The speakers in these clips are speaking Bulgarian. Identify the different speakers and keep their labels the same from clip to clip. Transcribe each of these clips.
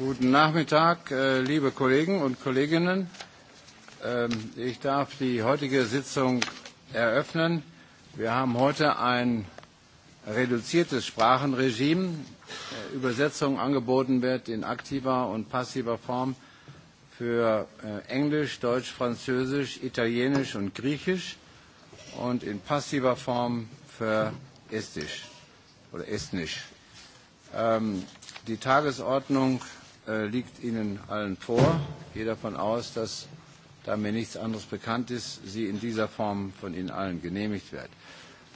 Speaker 1: Guten Nachmittag, liebe Kollegen und Kolleginnen. Ich darf die heutige Sitzung eröffnen. Wir haben heute ein reduziertes Sprachenregime. Übersetzung angeboten wird in aktiver und passiver Form für Englisch, Deutsch, Französisch, Italienisch und Griechisch und in passiver Form für Estisch oder Estnisch. Die Tagesordnung liegt Ihnen allen vor. Ich gehe davon aus, dass, da mir nichts anderes bekannt ist, sie in dieser Form von Ihnen allen genehmigt wird.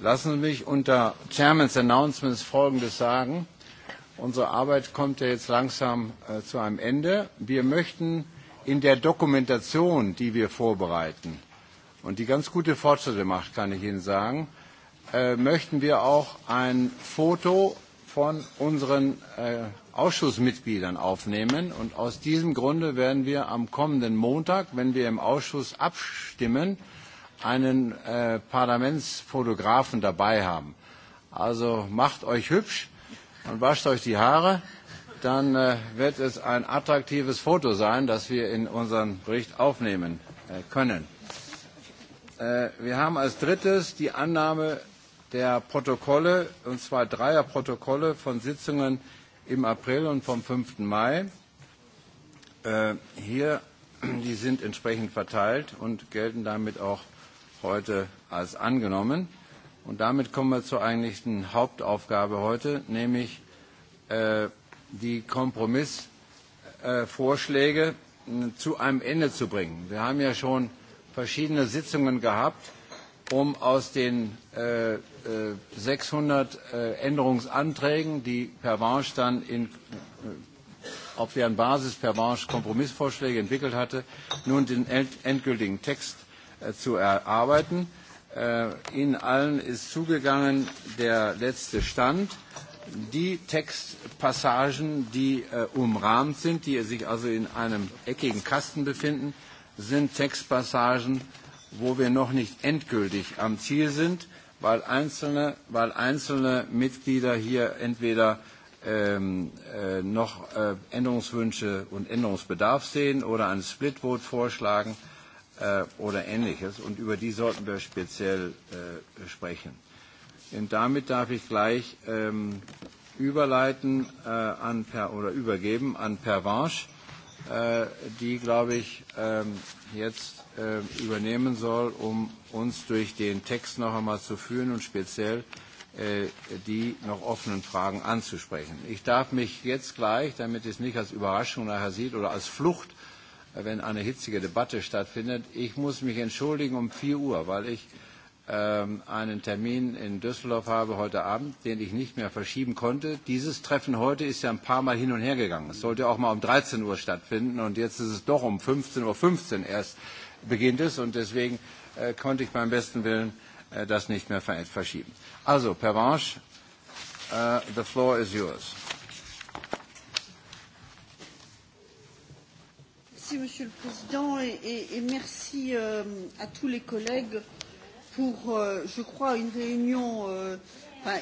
Speaker 1: Lassen Sie mich unter Chairmans Announcements Folgendes sagen. Unsere Arbeit kommt ja jetzt langsam zu einem Ende. Wir möchten in der Dokumentation, die wir vorbereiten und die ganz gute Fortschritte macht, kann ich Ihnen sagen, möchten wir auch ein Foto von unseren Ausschussmitgliedern aufnehmen. Und aus diesem Grunde werden wir am kommenden Montag, wenn wir im Ausschuss abstimmen, einen Parlamentsfotografen dabei haben. Also macht euch hübsch und wascht euch die Haare. Dann wird es ein attraktives Foto sein, das wir in unseren Bericht aufnehmen können. wir haben als drittes die Annahme der Protokolle, und zwar dreier Protokolle von Sitzungen im April und vom 5. Mai. Hier, die sind entsprechend verteilt und gelten damit auch heute als angenommen. Und damit kommen wir zur eigentlichen Hauptaufgabe heute, nämlich die Kompromissvorschläge zu einem Ende zu bringen. Wir haben ja schon verschiedene Sitzungen gehabt, um aus den 600 Änderungsanträgen, die Pervanche dann in, auf deren Basis Pervanche Kompromissvorschläge entwickelt hatte, nun den endgültigen Text zu erarbeiten. Ihnen allen ist zugegangen der letzte Stand. Die Textpassagen, die umrahmt sind, die sich also in einem eckigen Kasten befinden, sind Textpassagen, wo wir noch nicht endgültig am Ziel sind, weil einzelne, weil einzelne Mitglieder hier entweder ähm, äh, noch äh, Änderungswünsche und Änderungsbedarf sehen oder ein Splitboot vorschlagen äh, oder ähnliches. Und über die sollten wir speziell äh, sprechen. Und damit darf ich gleich ähm, überleiten äh, an per, oder übergeben an Pervanche die, glaube ich, jetzt übernehmen soll, um uns durch den Text noch einmal zu führen und speziell die noch offenen Fragen anzusprechen. Ich darf mich jetzt gleich, damit es nicht als Überraschung nachher sieht oder als Flucht, wenn eine hitzige Debatte stattfindet, ich muss mich entschuldigen um 4 Uhr, weil ich einen Termin in Düsseldorf habe heute Abend, den ich nicht mehr verschieben konnte. Dieses Treffen heute ist ja ein paar Mal hin und her gegangen. Es sollte auch mal um 13 Uhr stattfinden und jetzt ist es doch um 15.15 .15 Uhr erst beginnt es und deswegen konnte ich beim besten Willen das nicht mehr verschieben. Also, Pervenche, the floor is yours.
Speaker 2: Merci, Monsieur le Président, et, merci à tous les collègues pour, je crois, une réunion,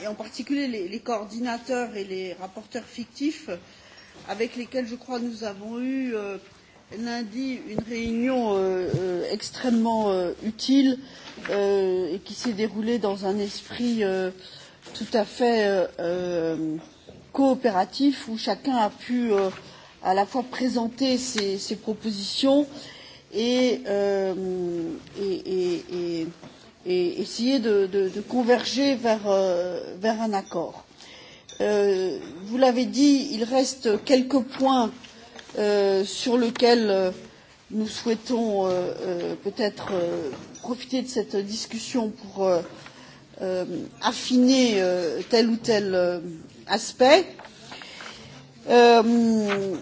Speaker 2: et en particulier les, coordinateurs et les rapporteurs fictifs, avec lesquels, je crois, nous avons eu lundi une réunion extrêmement utile et qui s'est déroulée dans un esprit tout à fait coopératif où chacun a pu à la fois présenter ses, propositions et, et essayer de, de, de converger vers, euh, vers un accord. Euh, vous l'avez dit, il reste quelques points euh, sur lesquels nous souhaitons euh, euh, peut-être euh, profiter de cette discussion pour euh, euh, affiner euh, tel ou tel euh, aspect. Euh,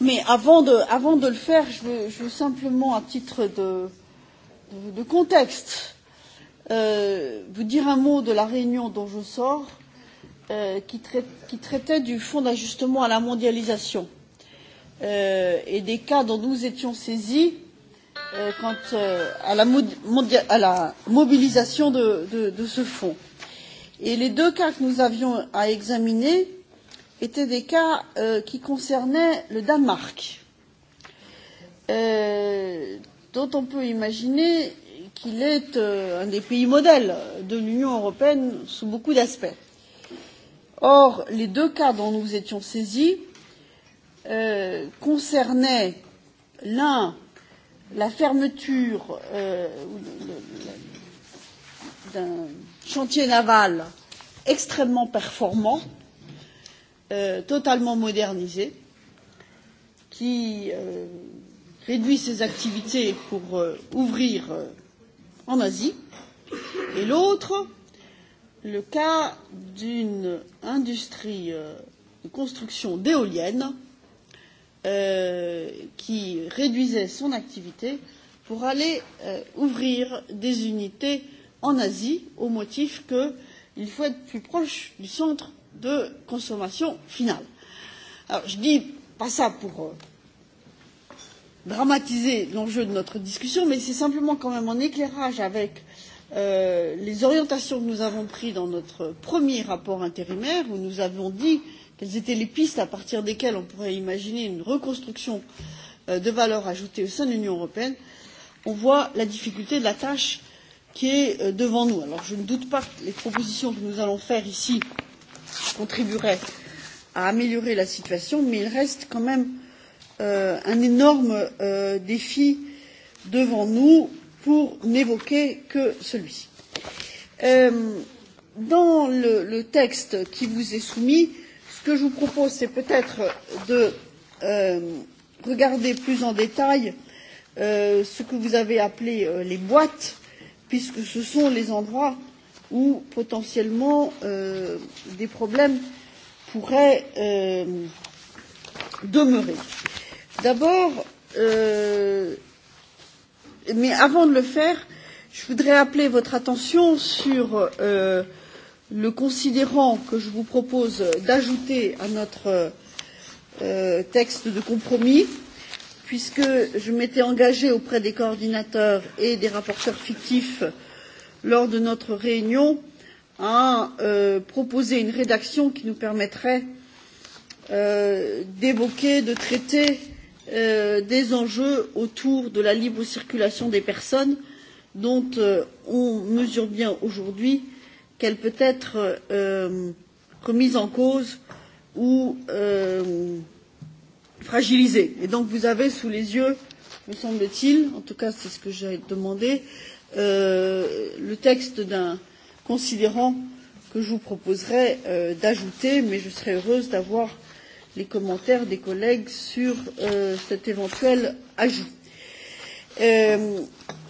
Speaker 2: mais avant de, avant de le faire, je veux, je veux simplement, à titre de, euh, de contexte, vous dire un mot de la réunion dont je sors, qui traitait du fonds d'ajustement à la mondialisation et des cas dont nous étions saisis quant à la mobilisation de ce fonds. Et les deux cas que nous avions à examiner étaient des cas qui concernaient le Danemark dont on peut imaginer qu'il est un des pays modèles de l'Union européenne sous beaucoup d'aspects. Or, les deux cas dont nous étions saisis euh, concernaient l'un la fermeture euh, d'un chantier naval extrêmement performant, euh, totalement modernisé, qui euh, réduit ses activités pour ouvrir en Asie, et l'autre, le cas d'une industrie de construction d'éoliennes qui réduisait son activité pour aller ouvrir des unités en Asie au motif qu'il faut être plus proche du centre de consommation finale. Alors, je ne dis pas ça pour dramatiser l'enjeu de notre discussion, mais c'est simplement quand même en éclairage avec euh, les orientations que nous avons prises dans notre premier rapport intérimaire, où nous avons dit quelles étaient les pistes à partir desquelles on pourrait imaginer une reconstruction euh, de valeur ajoutée au sein de l'Union européenne, on voit la difficulté de la tâche qui est euh, devant nous. Alors je ne doute pas que les propositions que nous allons faire ici contribueraient à améliorer la situation, mais il reste quand même euh, un énorme défi devant nous pour n'évoquer que celui ci. dans le texte qui vous est soumis ce que je vous propose c'est peut être de regarder plus en détail ce que vous avez appelé les boîtes puisque ce sont les endroits où potentiellement des problèmes pourraient demeurer. D'abord, euh, mais avant de le faire, je voudrais appeler votre attention sur euh, le considérant que je vous propose d'ajouter à notre euh, texte de compromis, puisque je m'étais engagée auprès des coordinateurs et des rapporteurs fictifs lors de notre réunion à euh, proposer une rédaction qui nous permettrait euh, d'évoquer, de traiter euh, des enjeux autour de la libre circulation des personnes dont on mesure bien aujourd'hui qu'elle peut être remise en cause ou fragilisée. Et donc vous avez sous les yeux, me semble t il en tout cas c'est ce que j'ai demandé le texte d'un considérant que je vous proposerai d'ajouter mais je serais heureuse d'avoir euh, les commentaires des collègues sur euh, cet éventuel ajout. Euh,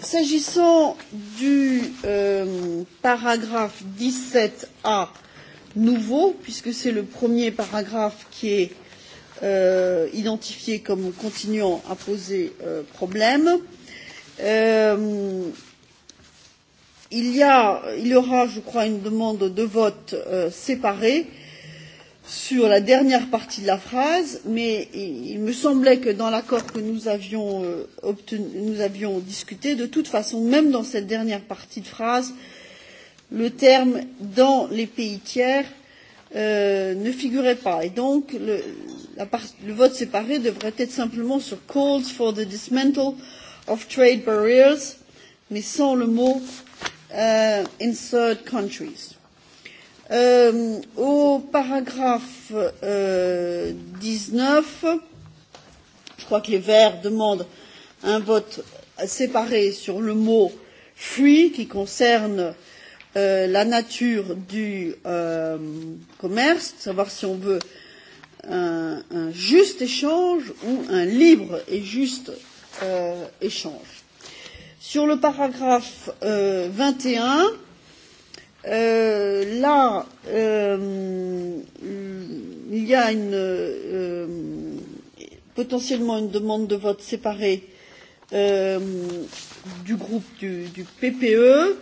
Speaker 2: S'agissant du euh, paragraphe 17A nouveau, puisque c'est le premier paragraphe qui est euh, identifié comme continuant à poser euh, problème, euh, il, y a, il y aura, je crois, une demande de vote euh, séparée euh, sur la dernière partie de la phrase, mais il me semblait que dans l'accord que nous avions, obtenu, nous avions discuté, de toute façon, même dans cette dernière partie de phrase, le terme dans les pays tiers euh, ne figurait pas. Et donc, le, la part, le vote séparé devrait être simplement sur calls for the dismantle of trade barriers, mais sans le mot euh, in third countries. Euh, au paragraphe euh, 19, je crois que les Verts demandent un vote séparé sur le mot fuit qui concerne euh, la nature du euh, commerce, savoir si on veut un, un juste échange ou un libre et juste euh, échange. Sur le paragraphe euh, 21, là, euh, il y a une, euh, potentiellement une demande de vote séparée euh, du groupe du, du PPE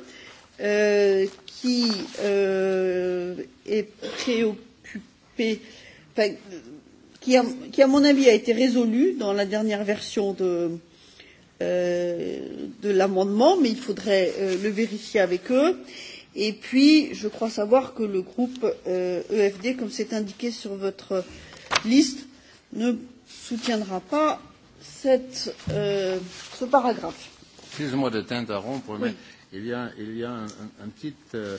Speaker 2: euh, qui euh, est préoccupé, enfin, qui, a, qui, à mon avis, a été résolu dans la dernière version de, euh, de l'amendement, mais il faudrait euh, le vérifier avec eux. Euh, Et puis, je crois savoir que le groupe euh, EFD, comme c'est indiqué sur votre liste, ne soutiendra pas cette, euh, ce paragraphe.
Speaker 1: Excuse-moi de t'interrompre, oui. mais il y a, il y a un, un, petit, euh,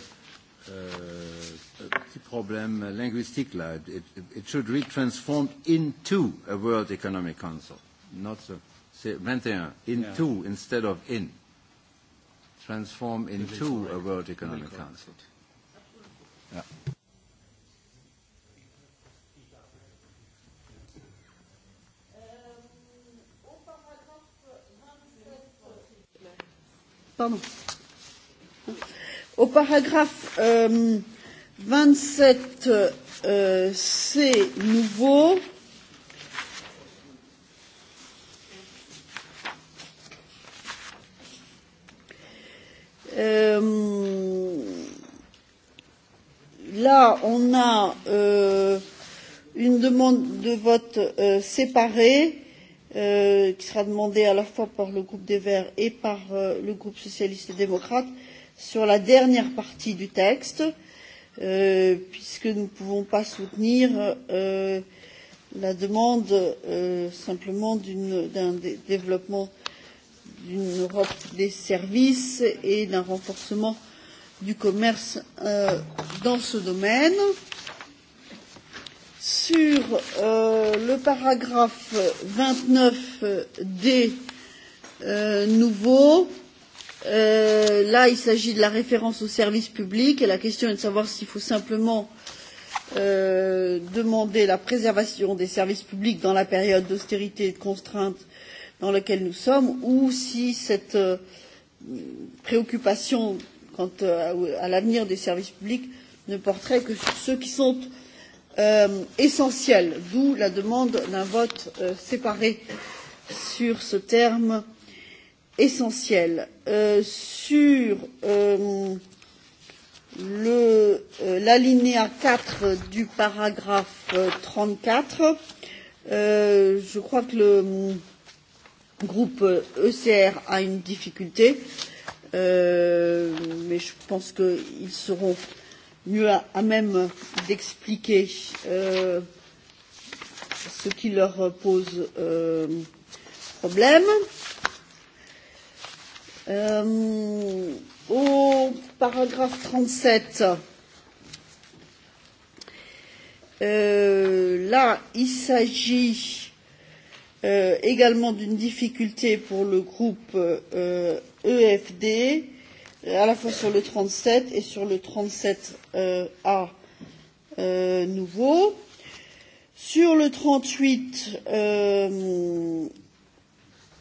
Speaker 1: euh, petit problème linguistique là. It, it should be transformed into a World Economic Council. Not so, c'est 21. Into yeah. instead of in transform into a World Economic Council. Yeah.
Speaker 2: Pardon. Au paragraphe euh, 27, euh, C nouveau. Euh, on a euh, une demande de vote euh, séparée euh, qui sera demandée à la fois par le groupe des Verts et par euh, le groupe socialiste et démocrate sur la dernière partie du texte, euh, puisque nous ne pouvons pas soutenir euh, la demande euh, simplement d'un développement d'une Europe des services et d'un renforcement euh, du commerce euh, dans ce domaine. Sur euh, le paragraphe 29D euh, nouveau, euh, là il s'agit de la référence au service public et la question est de savoir s'il faut simplement euh, demander la préservation des services publics dans la période d'austérité et de contrainte dans laquelle nous sommes ou si cette euh, préoccupation quant à l'avenir des services publics ne porterait que sur ceux qui sont essentiels d'où la demande d'un vote séparé sur ce terme essentiel. sur l'alinéa quatre du paragraphe trente quatre je crois que le groupe ecr a une difficulté. Euh, mais je pense qu'ils seront mieux à, à même d'expliquer euh, ce qui leur pose euh, problème. Euh, au paragraphe 37, euh, là, il s'agit euh, également d'une difficulté pour le groupe euh, EFD, à la fois sur le 37 et sur le 37 A euh, euh, nouveau. Sur le 38, euh,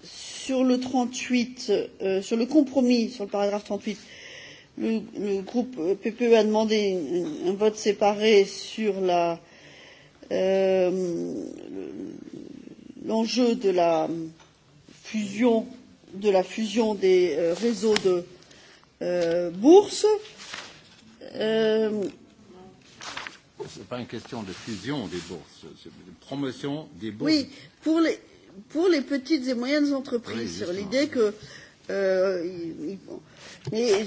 Speaker 2: sur le 38, euh, sur le compromis, sur le paragraphe 38, le, le groupe PPE a demandé un vote séparé sur la euh, l'enjeu de la fusion de la fusion des euh, réseaux de euh, bourses. Euh, Ce n'est pas
Speaker 1: une question de fusion des bourses, c'est de promotion des bourses. Oui,
Speaker 2: pour les, pour les petites et moyennes entreprises, oui, sur l'idée que. Euh, ils, bon. Mais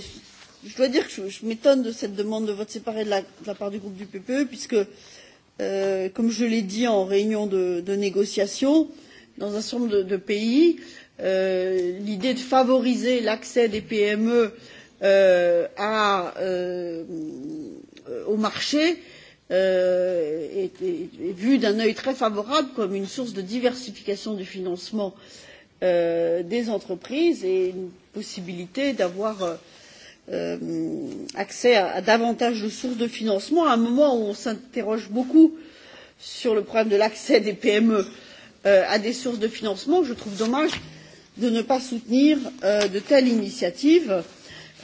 Speaker 2: je dois dire que je, je m'étonne de cette demande de vote séparé de la, de la part du groupe du PPE, puisque, euh, comme je l'ai dit en réunion de, de négociation, dans un certain nombre de, de pays, euh, l'idée de favoriser l'accès des PME au marché est, vue d'un œil très favorable comme une source de diversification du financement des entreprises et une possibilité d'avoir accès à, davantage de sources de financement à un moment où on s'interroge beaucoup sur le problème de l'accès des PME à des sources de financement. Je trouve dommage euh, de ne pas soutenir de telles initiatives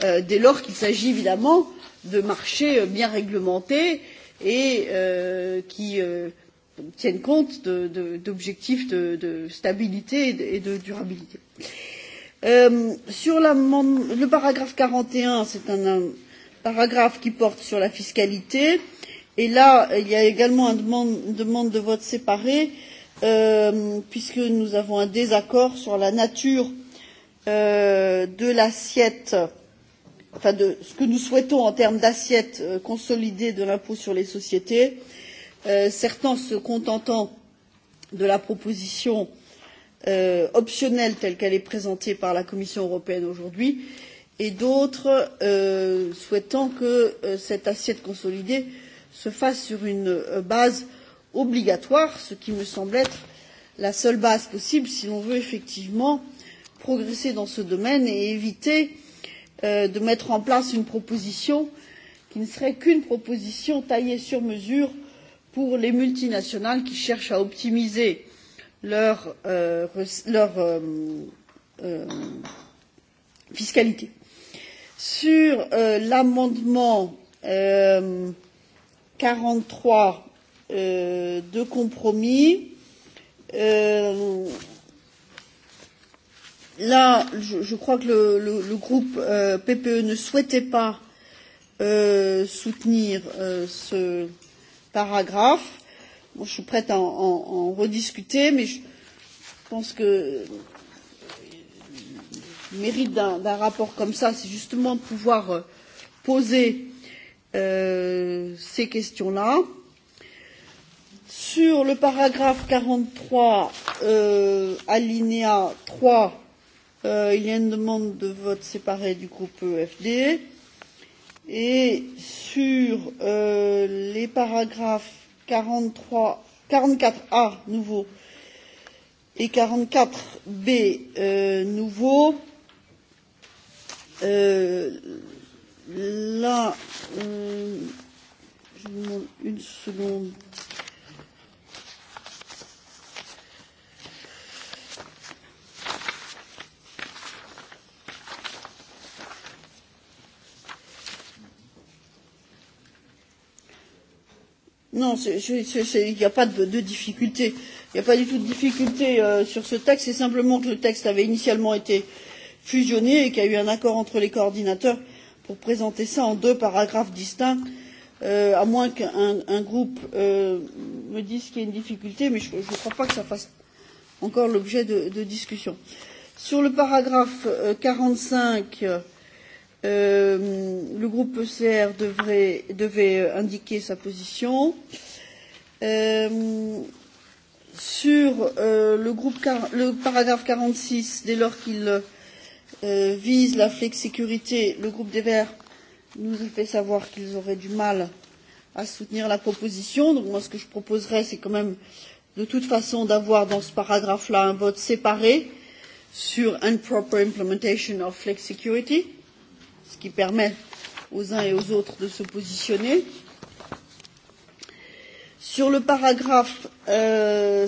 Speaker 2: dès lors qu'il s'agit évidemment de marchés bien réglementés et qui tiennent compte d'objectifs de stabilité et de durabilité. Sur le paragraphe quarante et un, c'est un paragraphe qui porte sur la fiscalité et là il y a également une demande de vote séparé euh, puisque nous avons un désaccord sur la nature euh, de l'assiette enfin de ce que nous souhaitons en termes d'assiette consolidée de l'impôt sur les sociétés euh, certains se contentant de la proposition euh, optionnelle telle qu'elle est présentée par la Commission européenne aujourd'hui et d'autres euh, souhaitant que euh, cette assiette consolidée se fasse sur une euh, base euh, obligatoire, ce qui me semble être la seule base possible si l'on veut effectivement progresser dans ce domaine et éviter de mettre en place une proposition qui ne serait qu'une proposition taillée sur mesure pour les multinationales qui cherchent à optimiser leur, fiscalité. Sur l'amendement quarante trois euh, de compromis. Euh, là, je, je crois que le, le, le groupe euh, PPE ne souhaitait pas euh, soutenir euh, ce paragraphe. Bon, je suis prête à en, en, en rediscuter, mais je pense que le mérite d'un rapport comme ça, c'est justement de pouvoir poser euh, ces questions-là sur le paragraphe quarante trois alinéa trois il y a une demande de vote séparé du groupe efd et sur les paragraphes quarante quatre a nouveau et quarante quatre b nouveau là je vous demande une seconde Non, il n'y a pas de, de difficulté. Il n'y a pas du tout de difficulté euh, sur ce texte. C'est simplement que le texte avait initialement été fusionné et qu'il y a eu un accord entre les coordinateurs pour présenter ça en deux paragraphes distincts, euh, à moins qu'un groupe euh, me dise qu'il y a une difficulté, mais je ne crois pas que ça fasse encore l'objet de, de discussion. Sur le paragraphe euh, 45, euh, le groupe ECR devrait, devait indiquer sa position. Euh, sur euh, le, groupe, le paragraphe 46, dès lors qu'il euh, vise la flexicurité, le groupe des Verts nous a fait savoir qu'ils auraient du mal à soutenir la proposition. Donc moi, ce que je proposerais, c'est quand même de toute façon d'avoir dans ce paragraphe-là un vote séparé sur improper implementation of flexicurity. Euh, ce qui permet aux uns et aux autres de se positionner. Sur le paragraphe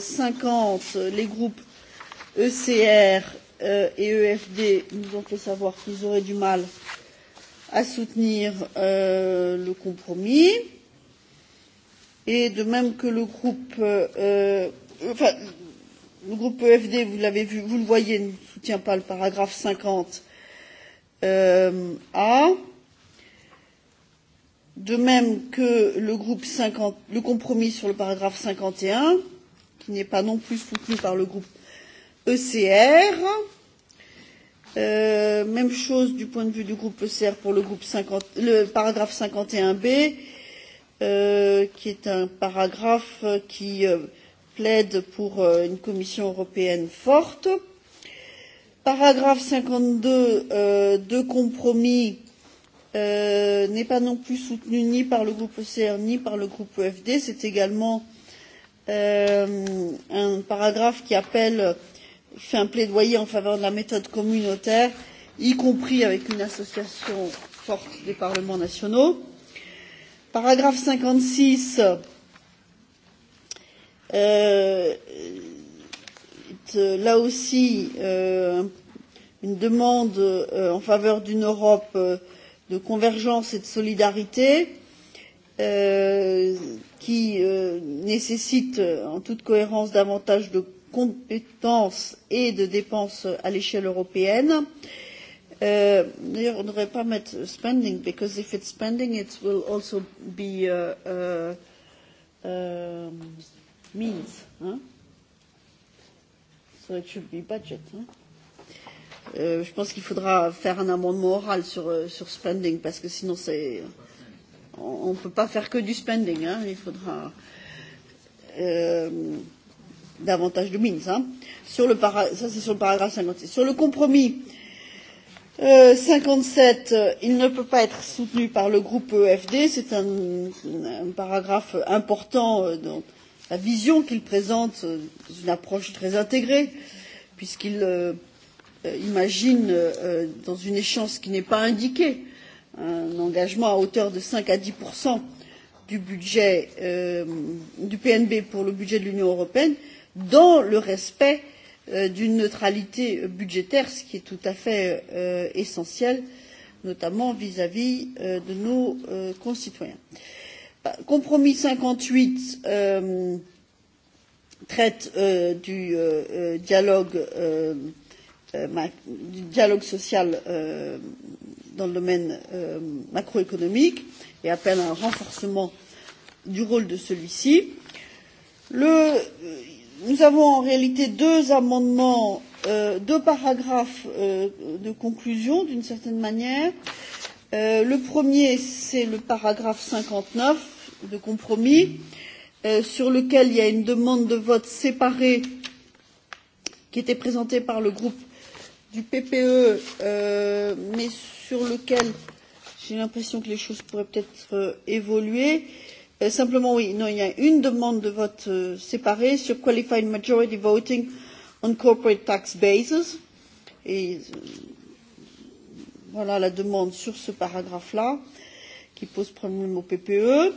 Speaker 2: cinquante, les groupes ECR et EFD nous ont fait savoir qu'ils auraient du mal à soutenir le compromis. Et de même que le groupe, enfin, le groupe EFD, vous l'avez vu, vous le voyez, ne soutient pas le paragraphe cinquante euh, A, de même que le, groupe 50, le compromis sur le paragraphe 51, qui n'est pas non plus soutenu par le groupe ECR. Euh, même chose du point de vue du groupe ECR pour le, groupe 50, le paragraphe 51B, euh, qui est un paragraphe qui euh, plaide pour euh, une Commission européenne forte. Paragraphe 52 euh, de compromis euh, n'est pas non plus soutenu ni par le groupe ECR ni par le groupe EFD. C'est également euh, un paragraphe qui appelle, fait un plaidoyer en faveur de la méthode communautaire, y compris avec une association forte des parlements nationaux. Paragraphe 56 euh, là aussi une demande en faveur d'une Europe de convergence et de solidarité qui nécessite en toute cohérence davantage de compétences et de dépenses à l'échelle européenne. D'ailleurs, on ne devrait pas mettre spending, because if it's spending, it will also be uh, uh, means. Hein it should be budget. Hein euh, je pense qu'il faudra faire un amendement oral sur, sur spending, parce que sinon c'est, on ne peut pas faire que du spending. Hein, il faudra euh, davantage de mines. Hein. Sur le para, ça c'est sur le paragraphe 56. Sur le compromis euh, 57, il ne peut pas être soutenu par le groupe EFD. C'est un, un paragraphe important euh, dont, euh, la vision qu'il présente dans une approche très intégrée, puisqu'il euh, imagine, euh, dans une échéance qui n'est pas indiquée, un engagement à hauteur de 5 à 10 du budget euh, du PNB pour le budget de l'Union européenne, dans le respect euh, d'une neutralité budgétaire, ce qui est tout à fait euh, essentiel, notamment vis-à-vis -vis, euh, de nos euh, concitoyens. Euh, Compromis cinquante huit traite du, dialogue, social dans le domaine macroéconomique et appelle à un renforcement du rôle de celui-ci. nous avons en réalité deux amendements, deux paragraphes de conclusion d'une certaine manière. Euh, le premier, c'est le paragraphe cinquante neuf de compromis, sur lequel il y a une demande de vote séparée, qui était présentée par le groupe du PPE, mais sur lequel j'ai l'impression que les choses pourraient peut-être évoluer. simplement, oui, non, il y a une demande de vote séparée sur Qualified Majority Voting on Corporate Tax Bases. Et Voilà la demande sur ce paragraphe-là, qui pose problème au PPE.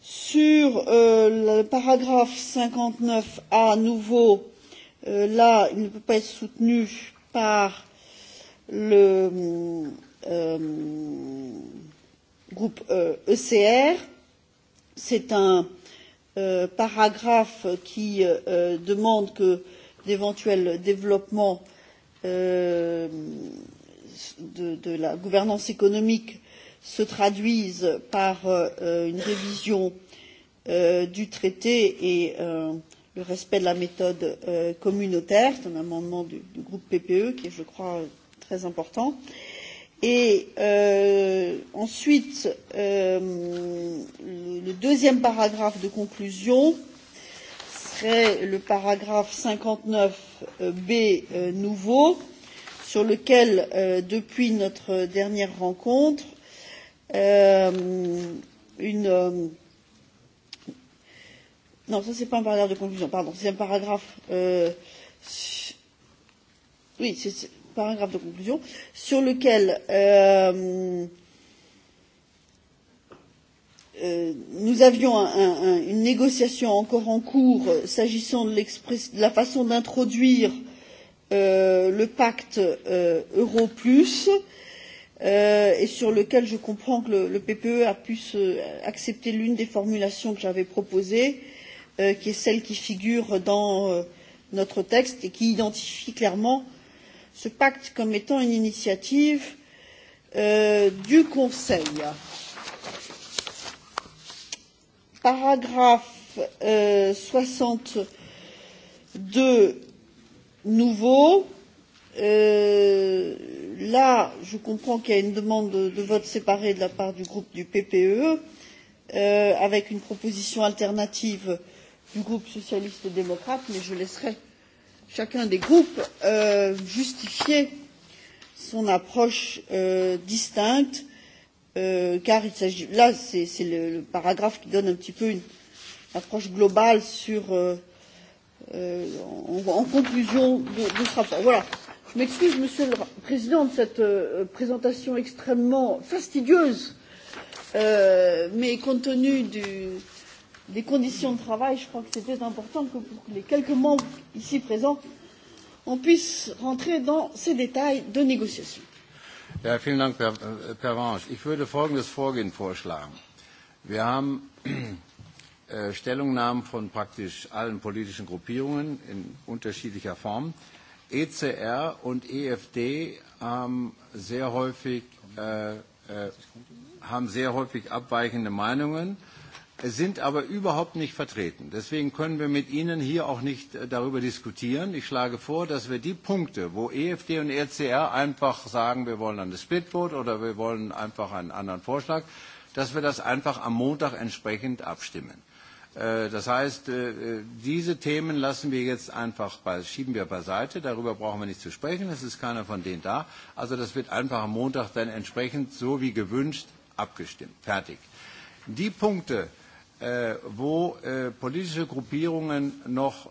Speaker 2: Sur euh, le paragraphe 59A, à nouveau, euh, là, il ne peut pas être soutenu par le euh, groupe euh, ECR. C'est un euh, paragraphe qui euh, demande que d'éventuels développements euh, de, de la gouvernance économique se traduisent par euh, une révision euh, du traité et euh, le respect de la méthode euh, communautaire. C'est un amendement du, du groupe PPE qui est, je crois, très important. Et euh, ensuite, euh, le, deuxième paragraphe de conclusion serait le paragraphe 59 B euh, nouveau euh, sur lequel, euh, depuis notre dernière rencontre, euh, une. Euh, non, ça c'est pas un paragraphe de conclusion, pardon, c'est un paragraphe. Euh, Oui, c'est un paragraphe de conclusion sur lequel. Euh, nous avions un, un, une négociation encore en cours s'agissant de, de la façon d'introduire euh, le pacte euro plus et sur lequel je comprends que le, PPE a pu accepter l'une des formulations que j'avais proposées, qui est celle qui figure dans notre texte et qui identifie clairement ce pacte comme étant une initiative du Conseil. Paragraphe soixante 62 nouveau. Euh, là, je comprends qu'il y a une demande de, de vote séparé de la part du groupe du PPE, euh, avec une proposition alternative du groupe socialiste et démocrate, mais je laisserai chacun des groupes euh, justifier son approche euh, distincte, euh, car il s'agit là c'est le, le paragraphe qui donne un petit peu une approche globale sur euh, euh, en, en conclusion de, de ce rapport. Voilà. Je m'excuse, Monsieur le Président, de cette euh, présentation extrêmement fastidieuse, euh, mais compte tenu du, des conditions de travail, je crois que c'était important que pour les quelques membres ici présents, on puisse rentrer dans ces détails de négociation.
Speaker 1: Ja, vielen Dank, Herr Pervenche. Ich würde folgendes Vorgehen vorschlagen. Wir haben Stellungnahmen von praktisch allen politischen Gruppierungen in unterschiedlicher Form. ECR und EFD haben sehr häufig, äh, äh, haben sehr häufig abweichende Meinungen, sind aber überhaupt nicht vertreten. Deswegen können wir mit Ihnen hier auch nicht darüber diskutieren. Ich schlage vor, dass wir die Punkte, wo EFD und ECR einfach sagen, wir wollen eine Splitboard oder wir wollen einfach einen anderen Vorschlag, dass wir das einfach am Montag entsprechend abstimmen. Das heißt, diese Themen lassen wir jetzt einfach bei, schieben wir beiseite. Darüber brauchen wir nicht zu sprechen. Es ist keiner von denen da. Also das wird einfach am Montag dann entsprechend so wie gewünscht abgestimmt. Fertig. Die Punkte, wo politische Gruppierungen noch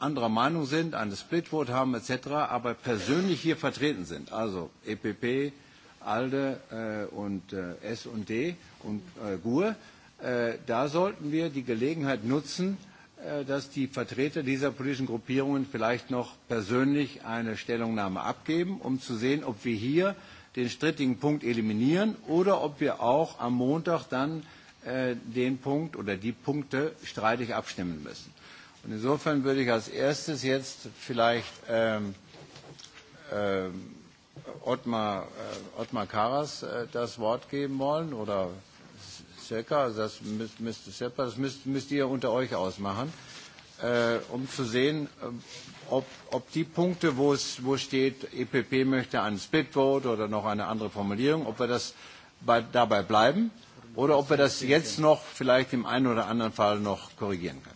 Speaker 1: anderer Meinung sind, eine Splitvote haben etc., aber persönlich hier vertreten sind, also EPP, ALDE und D und GUE, da sollten wir die Gelegenheit nutzen, dass die Vertreter dieser politischen Gruppierungen vielleicht noch persönlich eine Stellungnahme abgeben, um zu sehen, ob wir hier den strittigen Punkt eliminieren oder ob wir auch am Montag dann den Punkt oder die Punkte streitig abstimmen müssen. Und insofern würde ich als erstes jetzt vielleicht ähm, ähm, Ottmar, äh, Ottmar Karas äh, das Wort geben wollen oder circa, das müsst, müsst, das müsst, müsst ihr unter euch ausmachen, äh, um zu sehen, ob, ob die Punkte, wo es wo steht, EPP möchte einen Splitvote oder noch eine andere Formulierung, ob wir das bei, dabei bleiben oder ob wir das jetzt noch vielleicht im einen oder anderen Fall noch korrigieren können.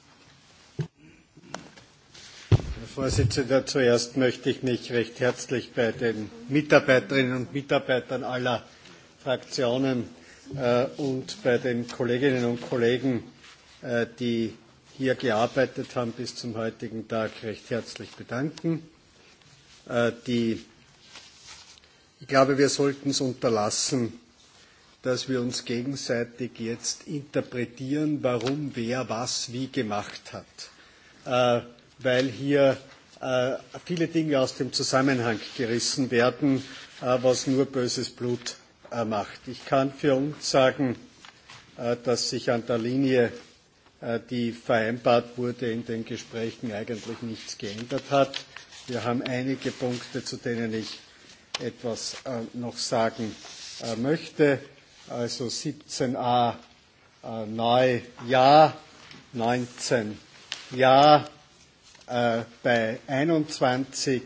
Speaker 3: Herr Vorsitzender, zuerst möchte ich mich recht herzlich bei den Mitarbeiterinnen und Mitarbeitern aller Fraktionen und bei den Kolleginnen und Kollegen, die hier gearbeitet haben bis zum heutigen Tag, recht herzlich bedanken. Die, ich glaube, wir sollten es unterlassen, dass wir uns gegenseitig jetzt interpretieren, warum wer was wie gemacht hat, weil hier viele Dinge aus dem Zusammenhang gerissen werden, was nur böses Blut macht. Ich kann für uns sagen, dass sich an der Linie, die vereinbart wurde, in den Gesprächen eigentlich nichts geändert hat. Wir haben einige Punkte, zu denen ich etwas noch sagen möchte. Also 17a neu Ja, 19 Ja, bei 21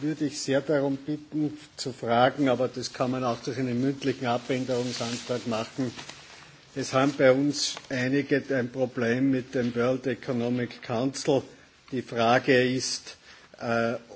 Speaker 3: würde ich sehr darum bitten, zu fragen, aber das kann man auch durch einen mündlichen Abänderungsantrag machen. Es haben bei uns einige ein Problem mit dem World Economic Council. Die Frage ist,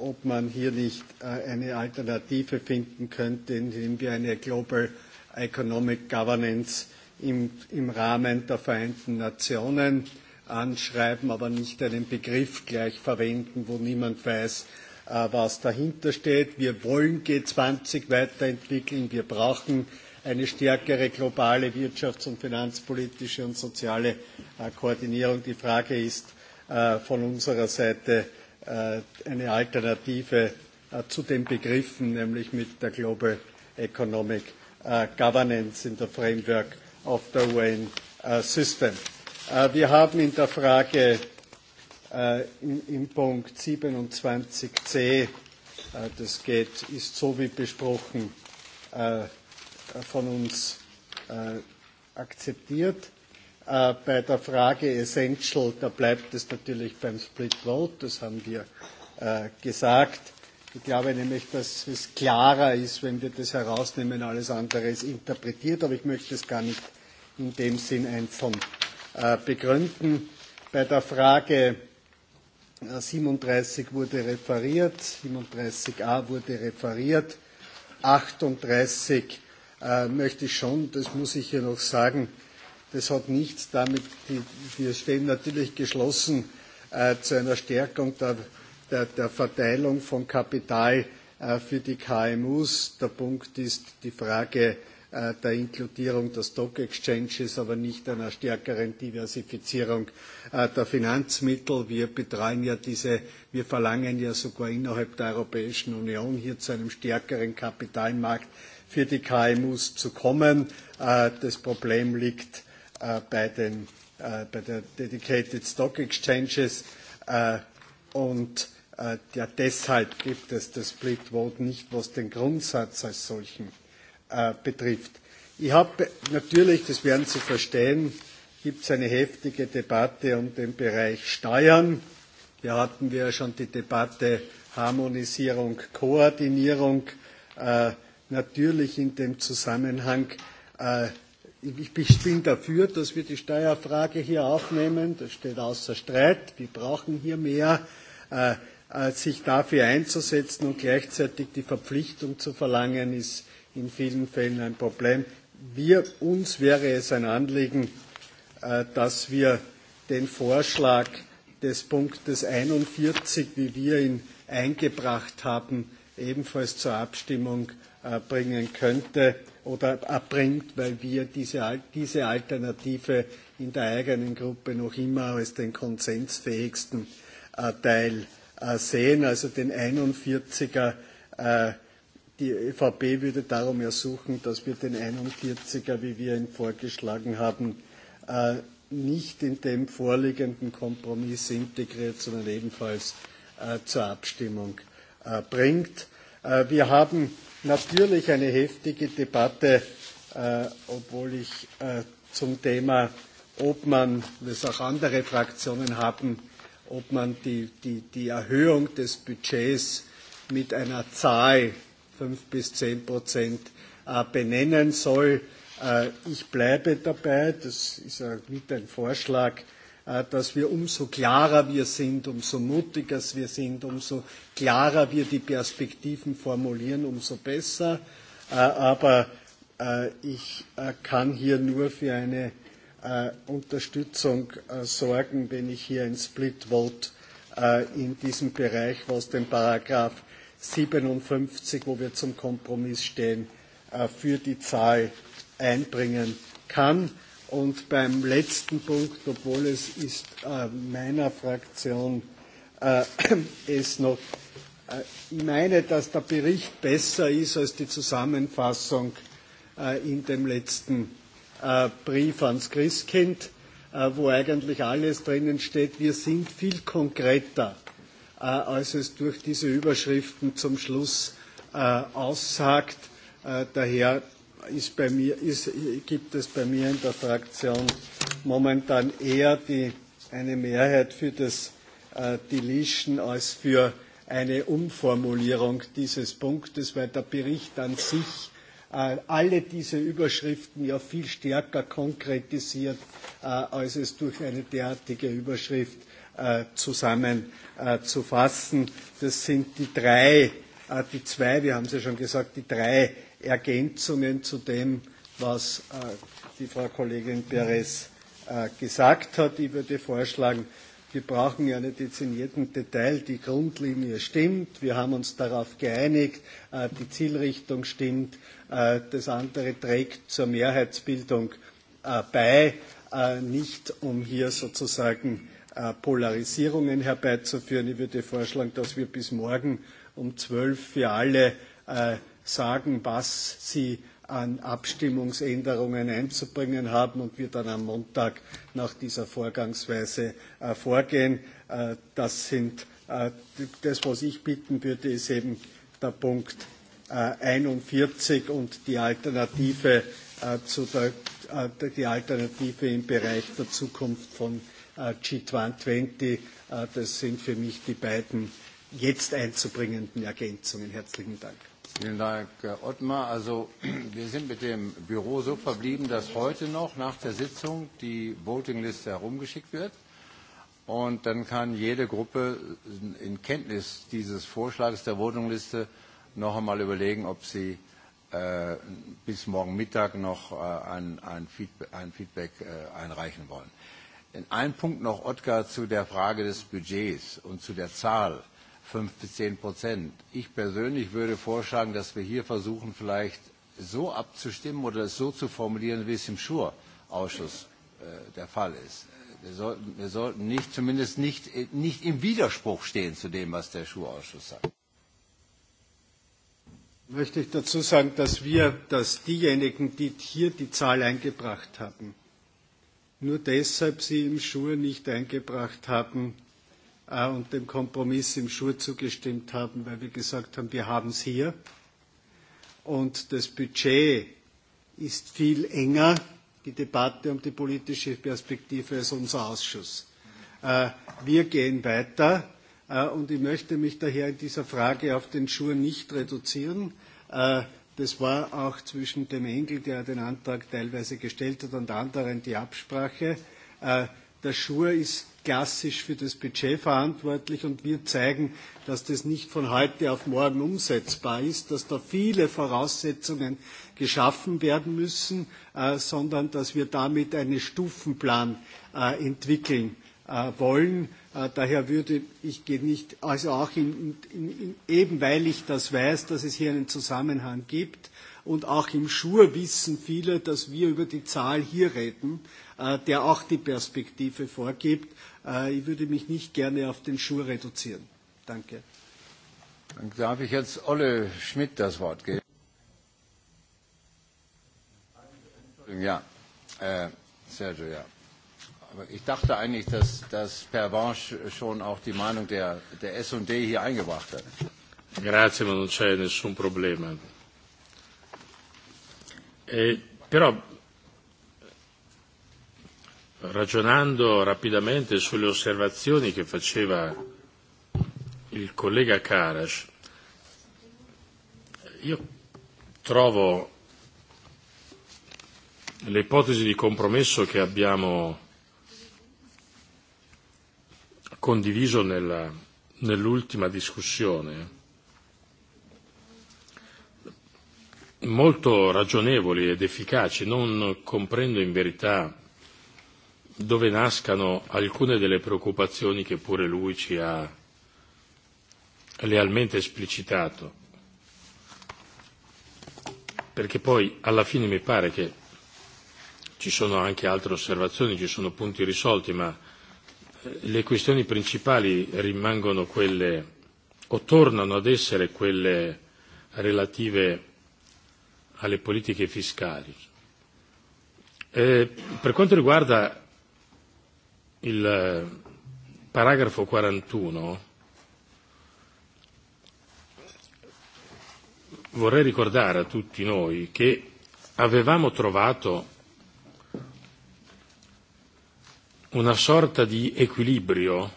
Speaker 3: ob man hier nicht eine Alternative finden könnte, indem wir eine Global Economic Governance im, im Rahmen der Vereinten Nationen anschreiben, aber nicht einen Begriff gleich verwenden, wo niemand weiß, was dahinter steht. Wir wollen G20 weiterentwickeln. Wir brauchen eine stärkere globale wirtschafts- und finanzpolitische und soziale Koordinierung. Die Frage ist von unserer Seite eine Alternative zu den Begriffen, nämlich mit der Global Economic Governance in der Framework of the UN System. Wir haben in der Frage im Punkt 27c. Das geht, ist so wie besprochen von uns akzeptiert. Bei der Frage Essential, da bleibt es natürlich beim Split Vote, das haben wir gesagt. Ich glaube nämlich, dass es klarer ist, wenn wir das herausnehmen, alles andere ist interpretiert, aber ich möchte es gar nicht in dem Sinn einzeln begründen. Bei der Frage 37 wurde referiert, 37a wurde referiert, 38 möchte ich schon, das muss ich hier noch sagen, das hat nichts damit, wir stehen natürlich geschlossen zu einer Stärkung der, Verteilung von Kapital für die KMU. Der Punkt ist die Frage der Inkludierung der Stock Exchanges, aber nicht einer stärkeren Diversifizierung der Finanzmittel. Wir betreuen ja diese, wir verlangen ja sogar innerhalb der Europäischen Union hier zu einem stärkeren Kapitalmarkt für die KMU zu kommen. Das Problem liegt bei den bei der Dedicated Stock Exchanges und ja, deshalb gibt es das Split Vote nicht, was den Grundsatz als solchen betrifft. Ich habe natürlich, das werden Sie verstehen, gibt es eine heftige Debatte um den Bereich Steuern. Hier hatten wir ja schon die Debatte Harmonisierung, Koordinierung. natürlich in dem Zusammenhang ich bin dafür, dass wir die Steuerfrage hier aufnehmen. Das steht außer Streit. Wir brauchen hier mehr, sich dafür einzusetzen und gleichzeitig die Verpflichtung zu verlangen, ist, in vielen Fällen ein Problem. Wir, uns wäre es ein Anliegen, dass wir den Vorschlag des Punktes 41, wie wir ihn eingebracht haben, ebenfalls zur Abstimmung bringen könnte oder abbringt, weil wir diese, Alternative in der eigenen Gruppe noch immer als den konsensfähigsten Teil sehen. Also den 41er Die ÖVP würde darum ersuchen, dass wir den 41er, wie wir ihn vorgeschlagen haben, nicht in dem vorliegenden Kompromiss integriert, sondern ebenfalls zur Abstimmung bringt. Wir haben natürlich eine heftige Debatte, obwohl ich zum Thema, ob man, das auch andere Fraktionen haben, ob man die, Erhöhung des Budgets mit einer Zahl fünf bis zehn Prozent benennen soll. Ich bleibe dabei, das ist mit ein Vorschlag, dass wir umso klarer wir sind, umso mutiger wir sind, umso klarer wir die Perspektiven formulieren, umso besser. Aber ich kann hier nur für eine Unterstützung sorgen, wenn ich hier ein Split Vote in diesem Bereich, was den Paragraph 57, wo wir zum Kompromiss stehen, für die Zahl einbringen kann. Und beim letzten Punkt, obwohl es ist meiner Fraktion es noch, ich meine, dass der Bericht besser ist als die Zusammenfassung in dem letzten Brief ans Christkind, wo eigentlich alles drinnen steht. Wir sind viel konkreter als es durch diese Überschriften zum Schluss aussagt. daher gibt es bei mir in der Fraktion momentan eher eine Mehrheit für das Deletion als für eine Umformulierung dieses Punktes, weil der Bericht an sich alle diese Überschriften ja viel stärker konkretisiert, als es durch eine derartige Überschrift zusammenzufassen. Das sind die drei, die zwei, wir haben es ja schon gesagt, die drei Ergänzungen zu dem, was die Frau Kollegin Perez gesagt hat. Ich würde vorschlagen, wir brauchen ja nicht jetzt in jedem Detail, die Grundlinie stimmt, wir haben uns darauf geeinigt, die Zielrichtung stimmt, das andere trägt zur Mehrheitsbildung bei, nicht um hier sozusagen Polarisierungen herbeizuführen. Ich würde vorschlagen, dass wir bis morgen um zwölf für alle sagen, was sie an Abstimmungsänderungen einzubringen haben und wir dann am Montag nach dieser Vorgangsweise vorgehen. Das sind das, was ich bitten würde, ist eben der Punkt 41 und die Alternative zu der, die Alternative im Bereich der Zukunft von G20. Das sind für mich die beiden jetzt einzubringenden Ergänzungen. Herzlichen Dank.
Speaker 1: Vielen Dank, Herr Ottmar. Also wir sind mit dem Büro so verblieben, dass heute noch nach der Sitzung die Votingliste herumgeschickt wird. Und dann kann jede Gruppe in Kenntnis dieses Vorschlags der Votingliste noch einmal überlegen, ob sie äh, bis morgen Mittag noch äh, ein, ein Feedback, ein Feedback äh, einreichen wollen. Ein Punkt noch, Ottgar, zu der Frage des Budgets und zu der Zahl fünf bis zehn Prozent. Ich persönlich würde vorschlagen, dass wir hier versuchen, vielleicht so abzustimmen oder es so zu formulieren, wie es im Schur-Ausschuss der Fall ist. Wir sollten, nicht, zumindest nicht, nicht im Widerspruch stehen zu dem, was der Schur-Ausschuss sagt
Speaker 3: möchte ich dazu sagen, dass wir, dass diejenigen, die hier die Zahl eingebracht haben, nur deshalb sie im Schur nicht eingebracht haben und dem Kompromiss im Schur zugestimmt haben, weil wir gesagt haben, wir haben es hier. Und das Budget ist viel enger, die Debatte um die politische Perspektive als unser Ausschuss. Wir gehen weiter und ich möchte mich daher in dieser Frage auf den Schur nicht reduzieren Das war auch zwischen dem Engel, der den Antrag teilweise gestellt hat, und anderen die Absprache. Der Schur ist klassisch für das Budget verantwortlich und wir zeigen, dass das nicht von heute auf morgen umsetzbar ist, dass da viele Voraussetzungen geschaffen werden müssen, sondern dass wir damit einen Stufenplan entwickeln wollen. Daher würde ich nicht, also auch in, in, eben weil ich das weiß, dass es hier einen Zusammenhang gibt und auch im Schur wissen viele, dass wir über die Zahl hier reden, der auch die Perspektive vorgibt. Ich würde mich nicht gerne auf den Schur reduzieren. Danke.
Speaker 1: Dann darf ich jetzt Olle Schmidt das Wort geben. Ja, äh, Sergio, ja ich dachte eigentlich, dass, dass Pervenche schon auch die Meinung der, der S&D hier
Speaker 4: eingebracht hat. Grazie, ma non c'è nessun problema. E, però, ragionando rapidamente sulle osservazioni che faceva il collega Karas, io trovo l'ipotesi di compromesso che abbiamo condiviso nella, nell'ultima discussione, molto ragionevoli ed efficaci. Non comprendo in verità dove nascano alcune delle preoccupazioni che pure lui ci ha lealmente esplicitato. Perché poi alla fine mi pare che ci sono anche altre osservazioni, ci sono punti risolti, ma le questioni principali rimangono quelle o tornano ad essere quelle relative alle politiche fiscali. Eh, per quanto riguarda il paragrafo 41, vorrei ricordare a tutti noi che avevamo trovato una sorta di equilibrio,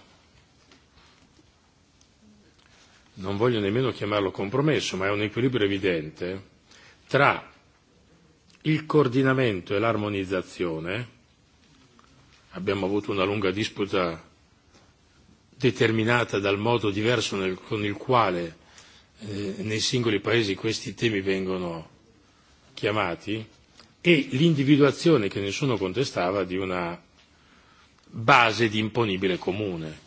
Speaker 4: non voglio nemmeno chiamarlo compromesso, ma è un equilibrio evidente, tra il coordinamento e l'armonizzazione, abbiamo avuto una lunga disputa determinata dal modo diverso nel, con il quale eh, nei singoli paesi questi temi vengono chiamati, e l'individuazione che nessuno contestava di una base di imponibile comune.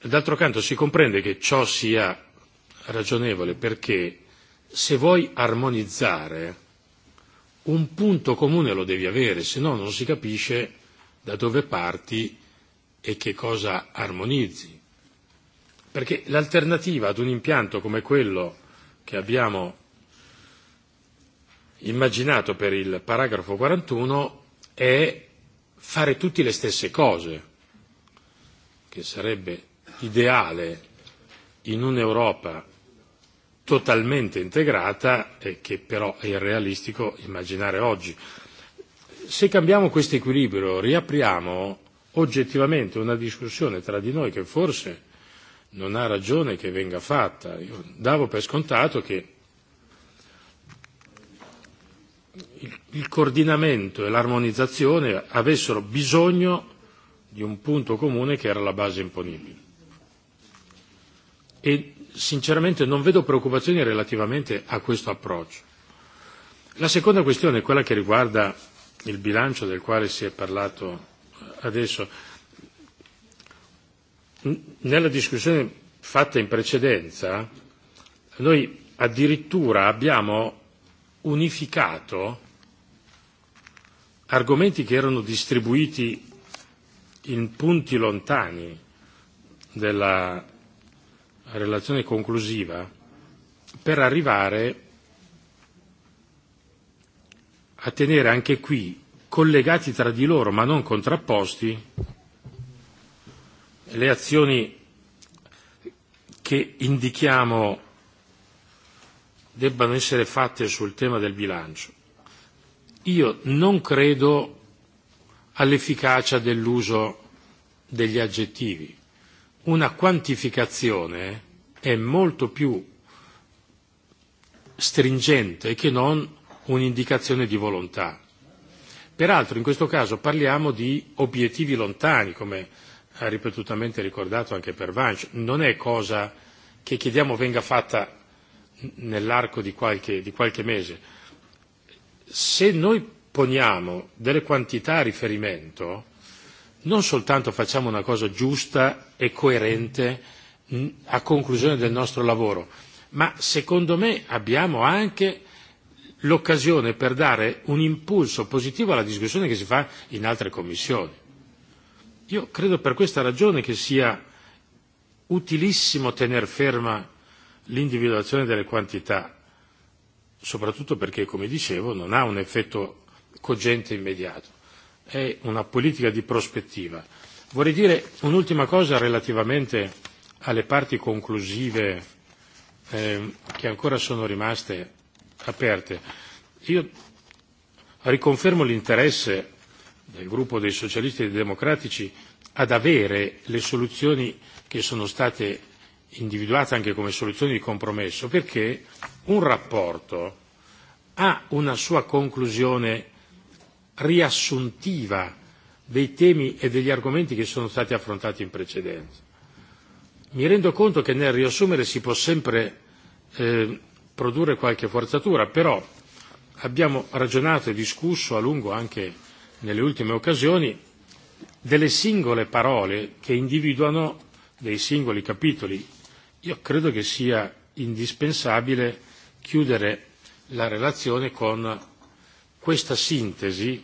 Speaker 4: D'altro canto si comprende che ciò sia ragionevole perché se vuoi armonizzare un punto comune lo devi avere, se no non si capisce da dove parti e che cosa armonizzi. Perché l'alternativa ad un impianto come quello che abbiamo immaginato per il paragrafo 41 è fare tutti le stesse cose, che sarebbe ideale in un'Europa totalmente integrata e che però è irrealistico immaginare oggi. Se cambiamo questo equilibrio, riapriamo oggettivamente una discussione tra di noi che forse non ha ragione che venga fatta. Io davo per scontato che il il coordinamento e l'armonizzazione avessero bisogno di un punto comune che era la base imponibile. E sinceramente non vedo preoccupazioni relativamente a questo approccio. La seconda questione è quella che riguarda il bilancio del quale si è parlato adesso. Nella discussione fatta in precedenza, noi addirittura abbiamo unificato argomenti che erano distribuiti in punti lontani della relazione conclusiva per arrivare a tenere anche qui collegati tra di loro ma non contrapposti le azioni che indichiamo debbano essere fatte sul tema del bilancio io non credo all'efficacia dell'uso degli aggettivi. Una quantificazione è molto più stringente che non un'indicazione di volontà. Peraltro in questo caso parliamo di obiettivi lontani, come ha ripetutamente ricordato anche per Vance, non è cosa che chiediamo venga fatta nell'arco di qualche, di qualche mese se noi poniamo delle quantità a riferimento, non soltanto facciamo una cosa giusta e coerente a conclusione del nostro lavoro, ma secondo me abbiamo anche l'occasione per dare un impulso positivo alla discussione che si fa in altre commissioni. Io credo per questa ragione che sia utilissimo tener ferma l'individuazione delle quantità soprattutto perché, come dicevo, non ha un effetto cogente immediato, è una politica di prospettiva. Vorrei dire un'ultima cosa relativamente alle parti conclusive eh, che ancora sono rimaste aperte. Io riconfermo l'interesse del gruppo dei socialisti e dei democratici ad avere le soluzioni che sono state individuata anche come soluzione di compromesso, perché un rapporto ha una sua conclusione riassuntiva dei temi e degli argomenti che sono stati affrontati in precedenza. Mi rendo conto che nel riassumere si può sempre eh, produrre qualche forzatura, però abbiamo ragionato e discusso a lungo anche nelle ultime occasioni delle singole parole che individuano dei singoli capitoli Io credo che sia indispensabile chiudere la relazione con questa sintesi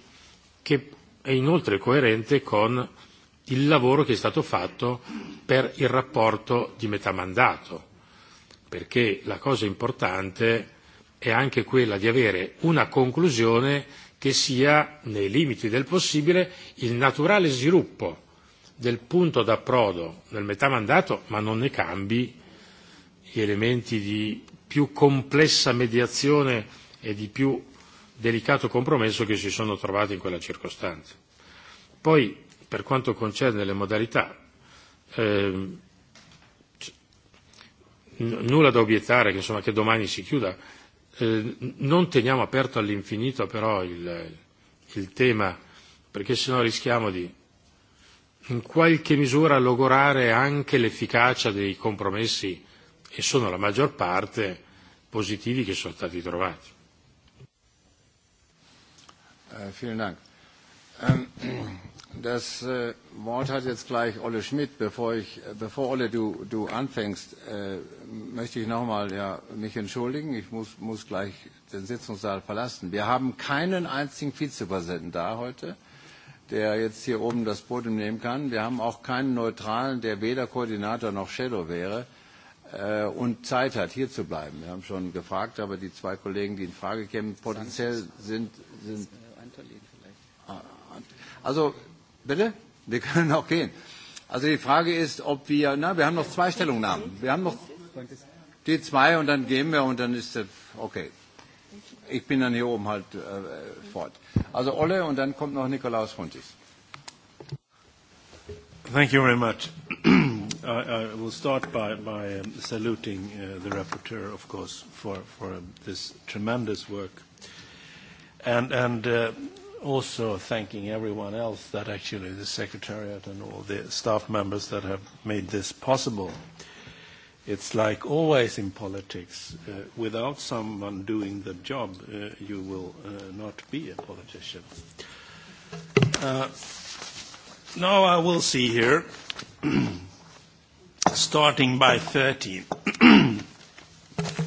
Speaker 4: che è inoltre coerente con il lavoro che è stato fatto per il rapporto di metà mandato, perché la cosa importante è anche quella di avere una conclusione che sia, nei limiti del possibile, il naturale sviluppo del punto d'approdo nel metà mandato, ma non ne cambi gli elementi di più complessa mediazione e di più delicato compromesso che si sono trovati in quella circostanza. Poi, per quanto concerne le modalità, eh, nulla da obiettare che, insomma, che domani si chiuda. Eh, non teniamo aperto all'infinito però il, il tema, perché sennò rischiamo di in qualche misura logorare anche l'efficacia dei compromessi e sono la maggior parte positivi che sono stati trovati.
Speaker 1: vielen Dank. das Wort hat jetzt gleich Olle Schmidt. Bevor, ich, bevor Olle, du, du anfängst, möchte ich nochmal ja, mich entschuldigen. Ich muss, muss gleich den Sitzungssaal verlassen. Wir haben keinen einzigen Vizepräsidenten da heute der jetzt hier oben das Podium nehmen kann. Wir haben auch keinen Neutralen, der weder Koordinator noch Shadow wäre und Zeit hat, hier zu bleiben. Wir haben schon gefragt, aber die zwei Kollegen, die in Frage kämen, potenziell sind. sind also, bitte? Wir können auch gehen. Also die Frage ist, ob wir, na, wir haben noch zwei Stellungnahmen. Wir haben noch die zwei und dann gehen wir und dann ist es okay. Ich bin dann hier oben halt äh, fort. Also Olle und dann kommt noch Nikolaus Frontis.
Speaker 5: Thank you very much
Speaker 1: I will start by
Speaker 5: saluting the rapporteur, of course, for this tremendous work. And also thanking everyone else that actually the secretariat and all the staff members that have made this possible. It's like always in politics, without someone doing the job, you will not be a politician. Now I will see here starting by 30.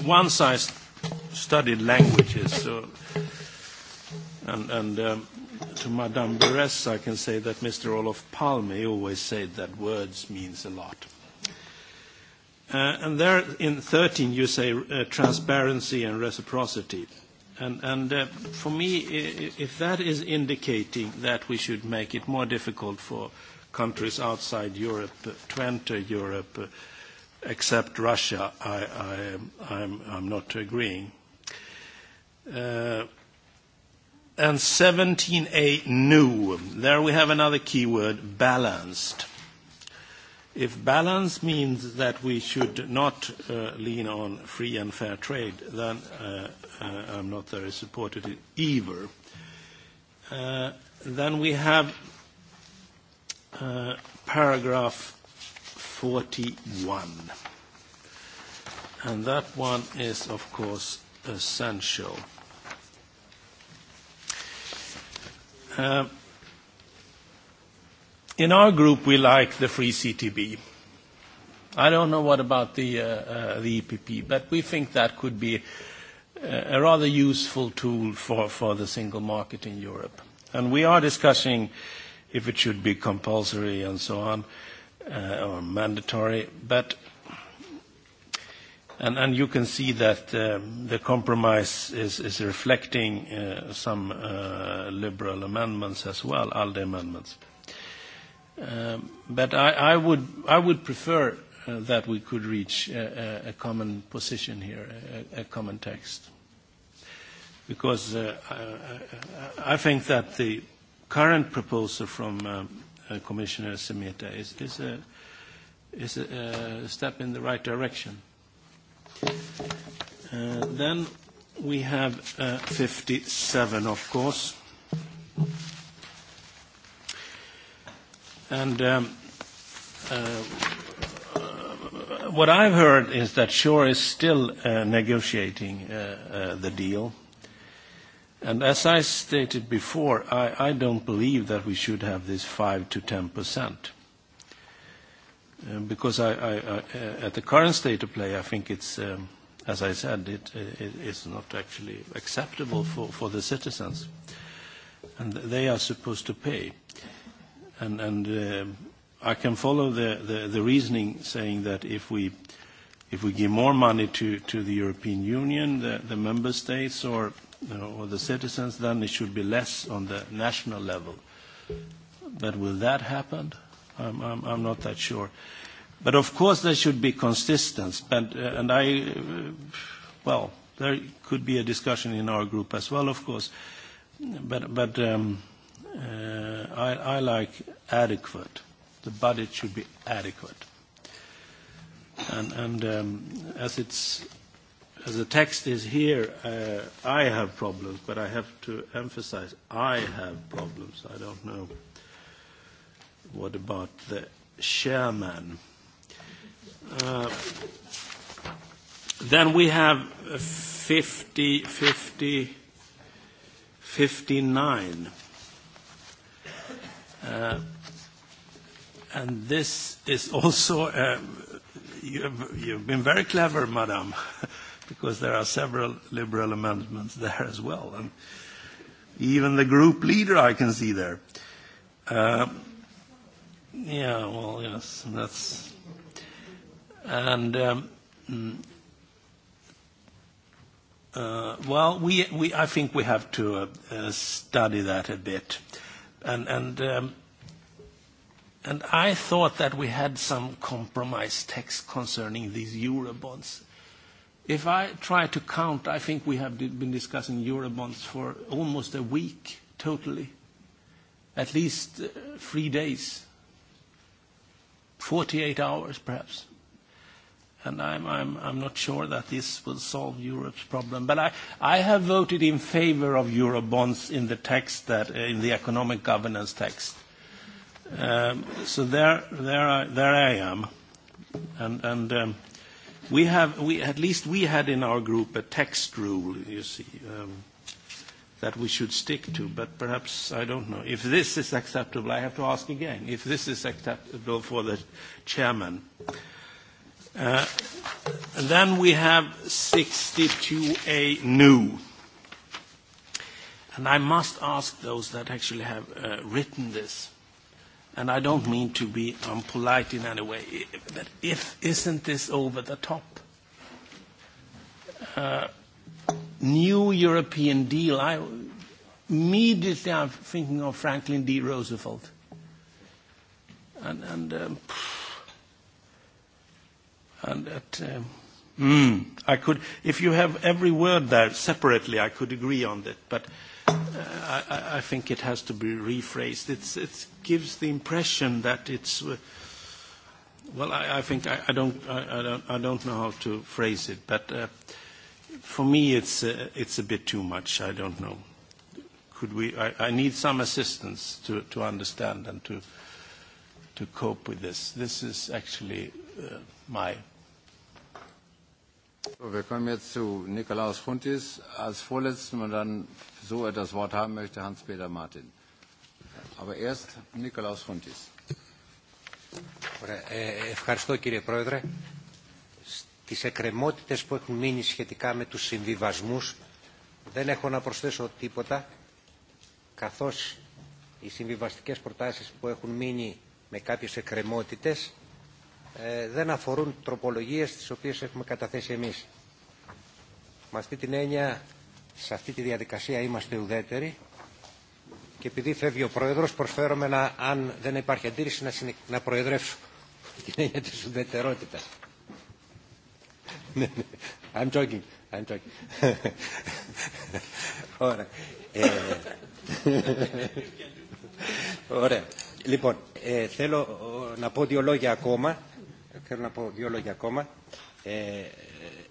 Speaker 5: Once I studied languages, so, and, and um, to Madame Beres, I can say that Mr. Olof Palme always said that words means a lot. Uh, and there in 13 you say uh, transparency and reciprocity. And, and uh, for me, if that is indicating that we should make it more difficult for countries outside Europe to enter Europe, except Russia, I, I'm, I'm not agreeing. and 17a new, there we have another keyword, balanced. If balance means that we should not lean on free and fair trade, then I'm not very supportive either. then we have paragraph 41. And that one is, of course, essential. Uh, in our group, we like the free CTB. I don't know what about the, uh, uh, the EPP, but we think that could be a rather useful tool for, for the single market in Europe. And we are discussing uh, if it should be compulsory and so on, uh, or mandatory. But and, and you can see that um, the compromise is, is reflecting uh, some uh, liberal amendments as well, ALDE amendments. Um, but I, I, would, I would prefer uh, that we could reach a, a common position here, a, a common text. Because uh, I, I think that the current proposal from Commissioner Semeta is a is a step in the right direction. Then we have 57, of course. And what I've heard is that Shore is still negotiating the deal. And as I stated before, I, I don't believe that we should have this 5 to 10 percent. Because I, I, I, at the current state of play, I think it's, um, as I said, it, it, it's not actually acceptable for, for the citizens. And they are supposed to pay. And, and I can follow the, the, the reasoning saying that if we if we give more money to, to the European Union, the, the member states, or or the citizens, then it should be less on the national level. But will that happen? I'm, I'm, I'm not that sure. But of course there should be consistency. And, uh, and I, uh, well, there could be a discussion in our group as well, of course. But, but um, uh, I, I like adequate. The budget should be adequate. And, and um, as it's the text is here, uh, I have problems, but I have to emphasize I have problems. I don't know. What about the chairman? Uh, then we have 50, 50, 59. Uh, and this is also, uh, you've, you've been very clever, madam because there are several liberal amendments there as well. And even the group leader I can see there. Um, yeah, well, yes, that's. And um, uh, well, we, we I think we have to uh, uh, study that a bit, and and. Um, and I thought that we had some compromise text concerning these Eurobonds If I try to count, I think we have been discussing Eurobonds for almost a week totally, at least three days, 48 hours perhaps. And I'm I'm I'm not sure that this will solve Europe's problem. But I I have voted in favor of Eurobonds in the text that in the economic governance text. So there there I there I am. And and We have, we, at least we had in our group a text rule, you see, um, that we should stick to, but perhaps, I don't know. If this is acceptable, I have to ask again, if this is acceptable for the chairman. Uh, then we have 62A new. And I must ask those that actually have uh, written this and I don't mean to be unpolite in any way, but if isn't this over the top? Uh, new European deal. I immediately I'm thinking of Franklin D. Roosevelt, and and um, and that. Um, Mm, I could, if you have every word there separately, I could agree on that. But I think it has to be rephrased. It gives the impression that it's. Well, I think I don't know how to phrase it, but for me, it's a bit too much. I don't know. Could we? I need some assistance to understand and to
Speaker 1: cope with this. This is actually my Wir kommen jetzt zu Nikolaus als Vorletzten und dann, so er das Wort haben möchte, Hans-Peter Martin. Aber erst Nikolaus Ευχαριστώ κύριε Πρόεδρε.
Speaker 6: Στις εκκρεμότητες που έχουν μείνει σχετικά με τους συμβιβασμούς δεν έχω να προσθέσω τίποτα καθώς οι συμβιβαστικές προτάσεις που έχουν μείνει με κάποιες εκκρεμότητες δεν αφορούν τροπολογίες τις οποίες έχουμε καταθέσει εμείς. Με αυτή την έννοια, σε αυτή τη διαδικασία είμαστε ουδέτεροι και επειδή φεύγει ο Πρόεδρος προσφέρομαι να, αν δεν υπάρχει αντίρρηση να, συνε... να προεδρεύσω την έννοια της ουδετερότητας. I'm joking. I'm joking. Ωραία. Ε... Ωραία. Λοιπόν, ε, θέλω να πω δύο λόγια ακόμα. Θέλω να πω δύο λόγια ακόμα. Ε,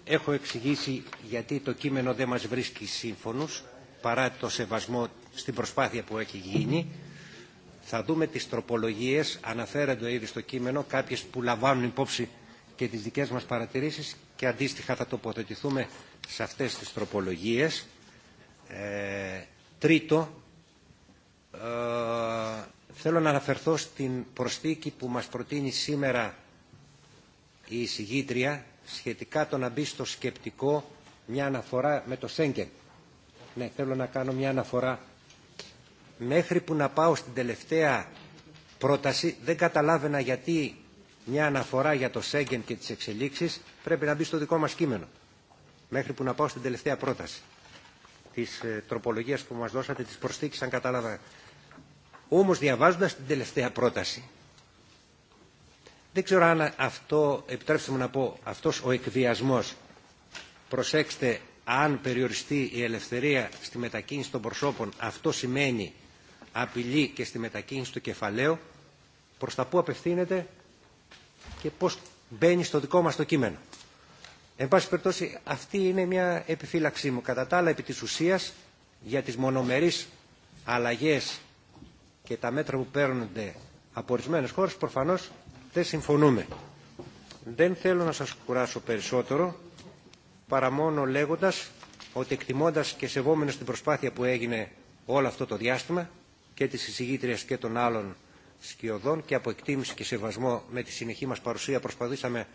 Speaker 6: Έχω εξηγήσει γιατί το κείμενο δεν μας βρίσκει σύμφωνος, παρά το σεβασμό στην προσπάθεια που έχει γίνει. Θα δούμε τις τροπολογίες, αναφέρονται ήδη στο κείμενο, κάποιες που λαμβάνουν υπόψη και τις δικές μας παρατηρήσεις και αντίστοιχα θα τοποθετηθούμε σε αυτές τις τροπολογίες. Ε, τρίτο, ε, θέλω να αναφερθώ στην προσθήκη που μας προτείνει σήμερα η εισηγήτρια σχετικά το να μπει στο σκεπτικό μια αναφορά με το Σέγγεν. Ναι, θέλω να κάνω μια αναφορά. Μέχρι που να πάω στην τελευταία πρόταση δεν καταλάβαινα γιατί μια αναφορά για το Σέγγεν και τις εξελίξεις πρέπει να μπει στο δικό μας κείμενο. Μέχρι που να πάω στην τελευταία πρόταση της τροπολογίας που μας δώσατε, της προσθήκης αν κατάλαβα. Όμως διαβάζοντας την τελευταία πρόταση Δεν ξέρω αν αυτό, επιτρέψτε μου να πω, αυτός ο εκβιασμός, προσέξτε, αν περιοριστεί η ελευθερία στη μετακίνηση των προσώπων, αυτό σημαίνει απειλή και στη μετακίνηση του κεφαλαίου, προς τα πού απευθύνεται και πώς μπαίνει στο δικό μας το κείμενο. Εν πάση περιπτώσει, αυτή είναι μια επιφύλαξή μου. Κατά τα άλλα, επί της ουσίας, για τις μονομερείς αλλαγές και τα μέτρα που παίρνονται από ορισμένε χώρες, προφανώς αυτές συμφωνούμε. Δεν θέλω να σας κουράσω περισσότερο, παρά μόνο λέγοντας ότι εκτιμώντας και σεβόμενος την προσπάθεια που έγινε όλο αυτό το διάστημα και της εισηγήτριας και των άλλων σκιωδών και από εκτίμηση και σεβασμό με τη συνεχή μας παρουσία προσπαθήσαμε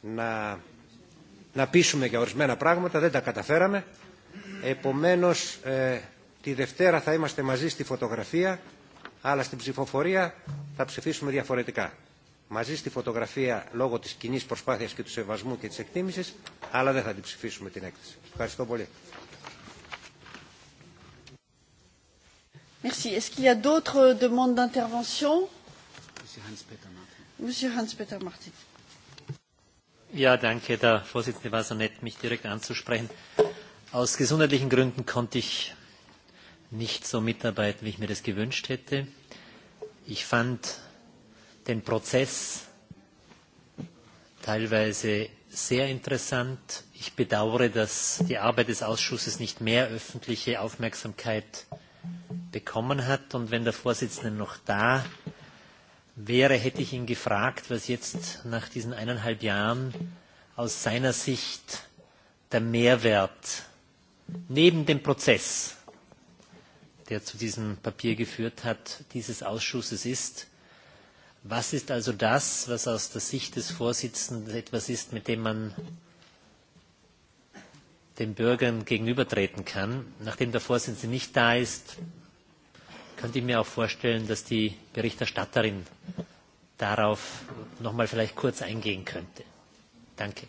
Speaker 6: να, να πείσουμε για ορισμένα πράγματα, δεν τα καταφέραμε. Επομένως, ε, τη Δευτέρα θα είμαστε μαζί στη φωτογραφία, αλλά στην ψηφοφορία θα ψηφίσουμε διαφορετικά μαζί στη φωτογραφία λόγω της κοινή προσπάθειας και του σεβασμού και της εκτίμησης, αλλά δεν θα την ψηφίσουμε την έκθεση. Ευχαριστώ πολύ.
Speaker 2: Merci. Est-ce qu'il y a d'autres demandes d'intervention Monsieur Hans-Peter Martin.
Speaker 7: Ja, danke, der Vorsitzende. War so nett, mich direkt anzusprechen. Aus gesundheitlichen Gründen konnte ich nicht so mitarbeiten, wie ich mir das gewünscht hätte. Ich fand den Prozess, teilweise sehr interessant. Ich bedauere, dass die Arbeit des Ausschusses nicht mehr öffentliche Aufmerksamkeit bekommen hat. Und wenn der Vorsitzende noch da wäre, hätte ich ihn gefragt, was jetzt nach diesen eineinhalb Jahren aus seiner Sicht der Mehrwert neben dem Prozess, der zu diesem Papier geführt hat, dieses Ausschusses ist. Was ist also das, was aus der Sicht des Vorsitzenden etwas ist, mit dem man den Bürgern gegenübertreten kann? Nachdem der Vorsitzende nicht da ist, könnte ich mir auch vorstellen, dass die Berichterstatterin darauf noch mal vielleicht kurz eingehen könnte. Danke.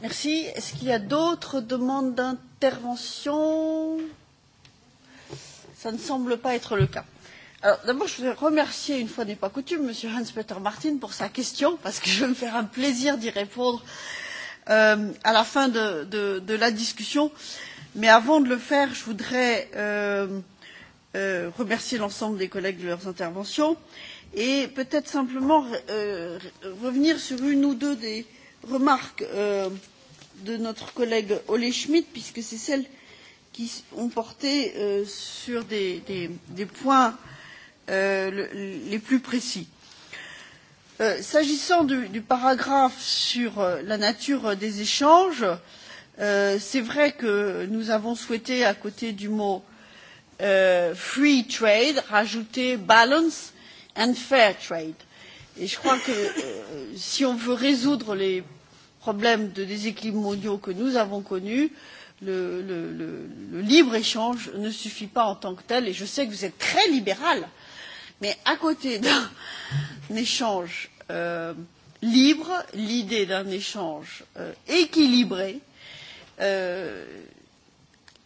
Speaker 2: Merci. Est-ce qu'il y a d'autres demandes d'intervention ça ne semble pas être le cas. Alors d'abord, je voudrais remercier, une fois n'est pas coutume, Monsieur Hans-Peter Martin pour sa question, parce que je vais me faire un plaisir d'y répondre euh, à la fin de, de, de la discussion. Mais avant de le faire, je voudrais euh, euh, remercier l'ensemble des collègues de leurs interventions et peut-être simplement euh, revenir sur une ou deux des remarques euh, de notre collègue Ole Schmidt, puisque c'est celle euh, qui ont porté euh, sur des, des, des points euh, le, les plus précis. Euh, S'agissant du, du paragraphe sur la nature des échanges, euh, c'est vrai que nous avons souhaité, à côté du mot euh, free trade, rajouter balance and fair trade. Et je crois que euh, si on veut résoudre les problèmes de déséquilibre mondiaux que nous avons connus, euh, le, le, le, le libre échange ne suffit pas en tant que tel et je sais que vous êtes très libéral mais à côté d'un échange euh, libre l'idée d'un échange euh, équilibré euh,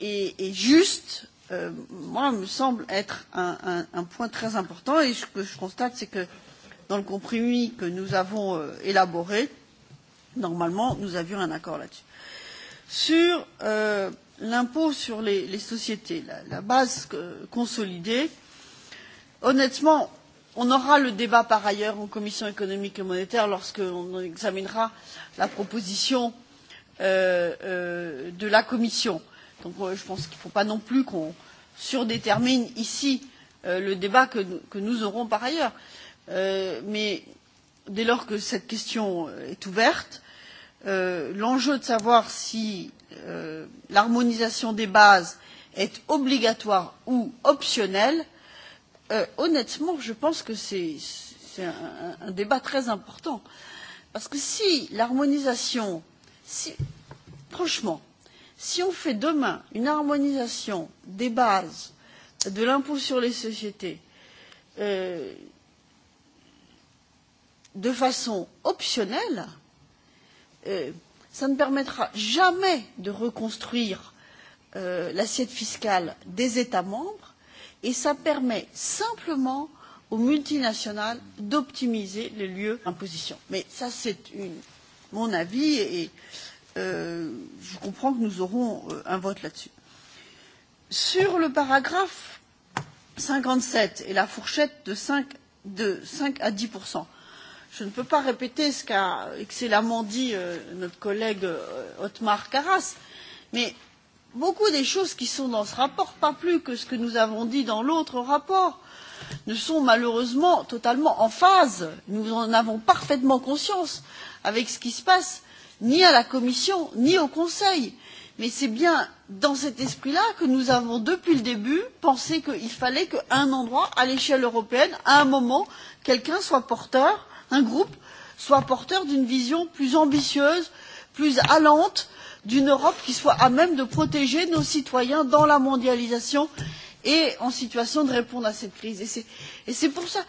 Speaker 2: et, et juste euh, moi me semble être un, un, un point très important et ce que je constate c'est que dans le compromis que nous avons euh, élaboré normalement nous avions un accord là-dessus. Sur euh, l'impôt sur les, les sociétés, la, la base euh, consolidée, honnêtement, on aura le débat par ailleurs en commission économique et monétaire lorsqu'on examinera la proposition euh, euh, de la commission. Donc euh, je pense qu'il ne faut pas non plus qu'on surdétermine ici euh, le débat que, que nous aurons par ailleurs. Euh, mais dès lors que cette question est ouverte, l'enjeu de savoir si l'harmonisation des bases est obligatoire ou optionnelle honnêtement je pense que c'est un débat très important parce que si l'harmonisation franchement si on fait demain une harmonisation des bases de l'impôt sur les sociétés de façon optionnelle ça ne permettra jamais de reconstruire l'assiette fiscale des États membres et ça permet simplement aux multinationales d'optimiser les lieux d'imposition. Mais ça, c'est mon avis et je comprends que nous aurons un vote là-dessus. Sur le paragraphe cinquante sept et la fourchette de cinq à dix je ne peux pas répéter ce qu'a excellemment dit notre collègue othmar karas mais beaucoup des choses qui sont dans ce rapport pas plus que ce que nous avons dit dans l'autre rapport ne sont malheureusement totalement en phase nous en avons parfaitement conscience avec ce qui se passe ni à la commission ni au conseil mais c'est bien dans cet esprit là que nous avons depuis le début pensé qu'il fallait qu'à un endroit à l'échelle européenne à un moment quelqu'un soit porteur un groupe soit porteur d'une vision plus ambitieuse plus allante d'une europe qui soit à même de protéger nos citoyens dans la mondialisation et en situation de répondre à cette crise. Et c'est pour cela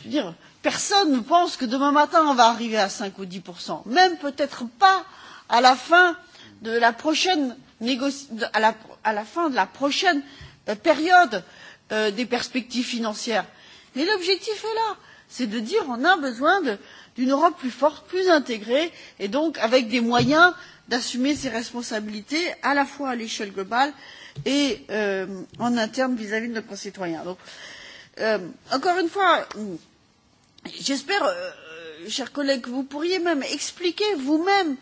Speaker 2: je veux dire personne ne pense que demain matin on va arriver à cinq ou dix même peut être pas à la fin de la prochaine à la fin de la prochaine période des perspectives financières mais l'objectif est là c'est de dire qu'on a besoin d'une europe plus forte plus intégrée et donc avec des moyens d'assumer ses responsabilités à la fois à l'échelle globale et en interne vis à vis de nos concitoyens. encore une fois j'espère chers collègues que vous pourriez même expliquer vous même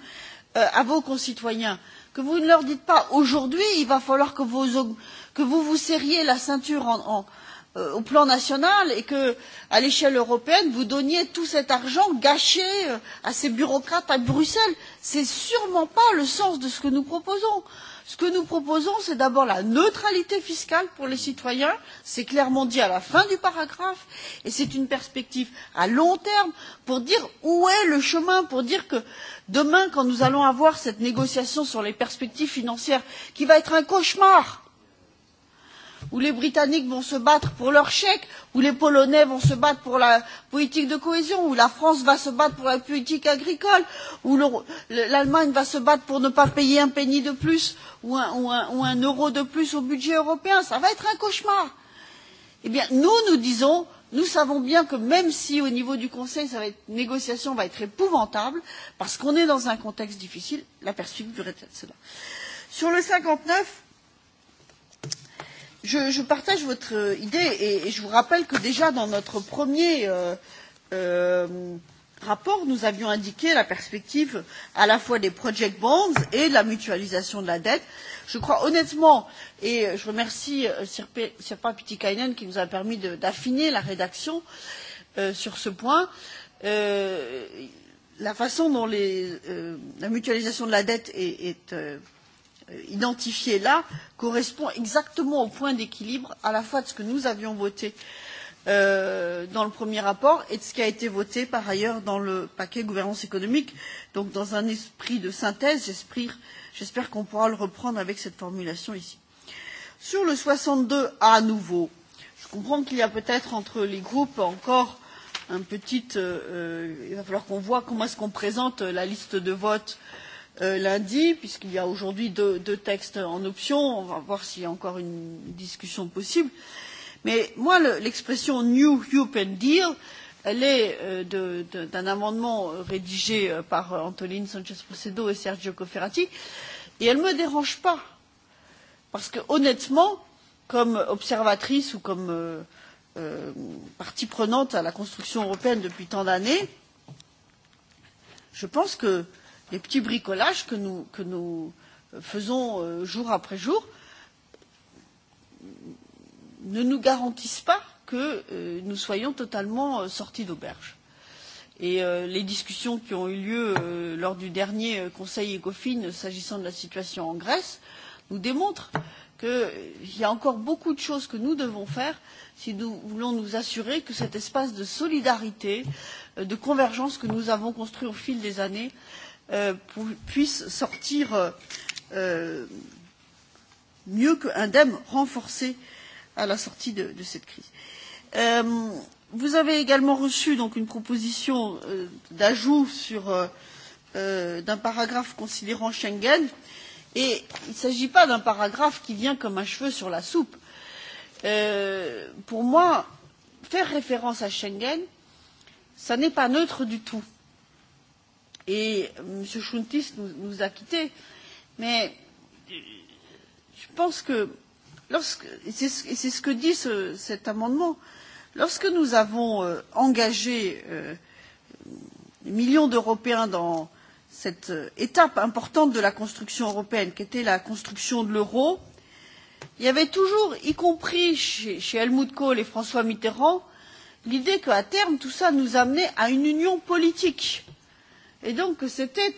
Speaker 2: à vos concitoyens que vous ne leur dites pas aujourd'hui il va falloir que vous vous serriez la ceinture en au plan national et que, à l'échelle européenne, vous donniez tout cet argent gâché à ces bureaucrates à Bruxelles. Ce n'est sûrement pas le sens de ce que nous proposons. Ce que nous proposons, c'est d'abord la neutralité fiscale pour les citoyens, c'est clairement dit à la fin du paragraphe, et c'est une perspective à long terme pour dire où est le chemin, pour dire que demain, quand nous allons avoir cette négociation sur les perspectives financières, qui va être un cauchemar, où les Britanniques vont se battre pour leur chèque, où les Polonais vont se battre pour la politique de cohésion, où la France va se battre pour la politique agricole, où l'Allemagne va se battre pour ne pas payer un penny de plus ou un, ou, un, ou un euro de plus au budget européen. Ça va être un cauchemar. Eh bien, nous, nous disons, nous savons bien que même si au niveau du conseil cette négociation va être épouvantable parce qu'on est dans un contexte difficile la perspective être cela. sur le cinquante neuf je, partage votre idée et, je vous rappelle que déjà dans notre premier euh, rapport, nous avions indiqué la perspective à la fois des project bonds et de la mutualisation de la dette. Je crois honnêtement, et je remercie Sirpa Pitikainen qui nous a permis d'affiner la rédaction euh, sur ce point, euh, la façon dont les, euh, la mutualisation de la dette est, est euh, identifié là correspond exactement au point d'équilibre à la fois de ce que nous avions voté dans le premier rapport et de ce qui a été voté par ailleurs dans le paquet gouvernance économique. donc dans un esprit de synthèse j'espère qu'on pourra le reprendre avec cette formulation ici. sur le soixante deux à nouveau je comprends qu'il y a peut être entre les groupes encore un petit il va falloir qu'on voit comment est ce qu'on présente la liste de vote euh, lundi, puisqu'il y a aujourd'hui deux, deux textes en option. On va voir s'il y a encore une discussion possible. Mais moi, l'expression New European Deal, elle est d'un amendement rédigé par Antoline Sanchez Procedo et Sergio Cofferati, et elle ne me dérange pas. Parce que honnêtement, comme observatrice ou comme euh, euh, partie prenante à la construction européenne depuis tant d'années, je pense que euh, les petits bricolages que nous, que nous faisons jour après jour ne nous garantissent pas que nous soyons totalement sortis d'auberge. Et les discussions qui ont eu lieu lors du dernier Conseil ECOFIN s'agissant de la situation en Grèce nous démontrent qu'il y a encore beaucoup de choses que nous devons faire si nous voulons nous assurer que cet espace de solidarité, de convergence que nous avons construit au fil des années euh, puisse sortir mieux qu'indemne, renforcé à la sortie de, cette crise. vous avez également reçu donc une proposition d'ajout d'un paragraphe considérant Schengen et il ne s'agit pas d'un paragraphe qui vient comme un cheveu sur la soupe. pour moi, faire référence à Schengen, ce n'est pas neutre du tout Et M. Chountis nous, nous a quittés. Mais je pense que lorsque, et c'est ce que dit ce, cet amendement, lorsque nous avons euh, engagé euh, des millions d'Européens dans cette étape importante de la construction européenne, qui était la construction de l'euro, il y avait toujours, y compris chez, chez Helmut Kohl et François Mitterrand, l'idée qu'à terme, tout ça nous amenait à une union politique. Euh, Et donc c'était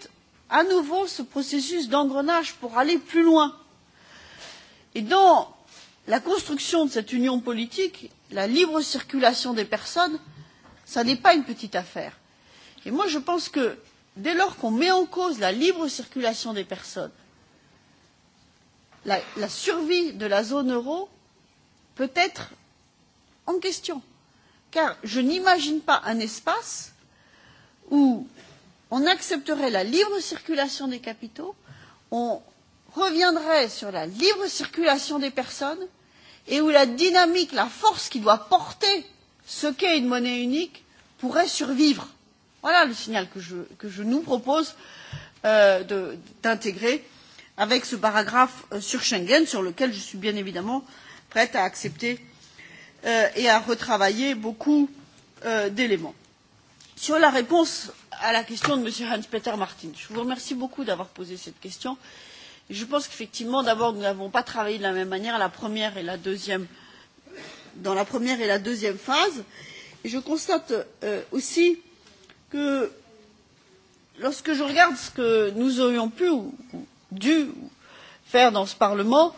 Speaker 2: à nouveau ce processus d'engrenage pour aller plus loin. Et dans la construction de cette union politique, la libre circulation des personnes, ce n'est pas une petite affaire. Et moi je pense que dès lors qu'on met en cause la libre circulation des personnes, la, la survie de la zone euro peut être en question. Car je n'imagine pas un espace où on accepterait la libre circulation des capitaux, on reviendrait sur la libre circulation des personnes et où la dynamique, la force qui doit porter ce qu'est une monnaie unique pourrait survivre. Voilà le signal que je, que je nous propose euh, d'intégrer avec ce paragraphe sur Schengen, sur lequel je suis bien évidemment prête à accepter euh, et à retravailler beaucoup euh, d'éléments sur la réponse à la question de m. hans peter martin je vous remercie beaucoup d'avoir posé cette question. je pense qu'effectivement d'abord nous n'avons pas travaillé de la même manière la première et la deuxième, dans la première et la deuxième phase et je constate euh, aussi que lorsque je regarde ce que nous aurions pu ou dû faire dans ce parlement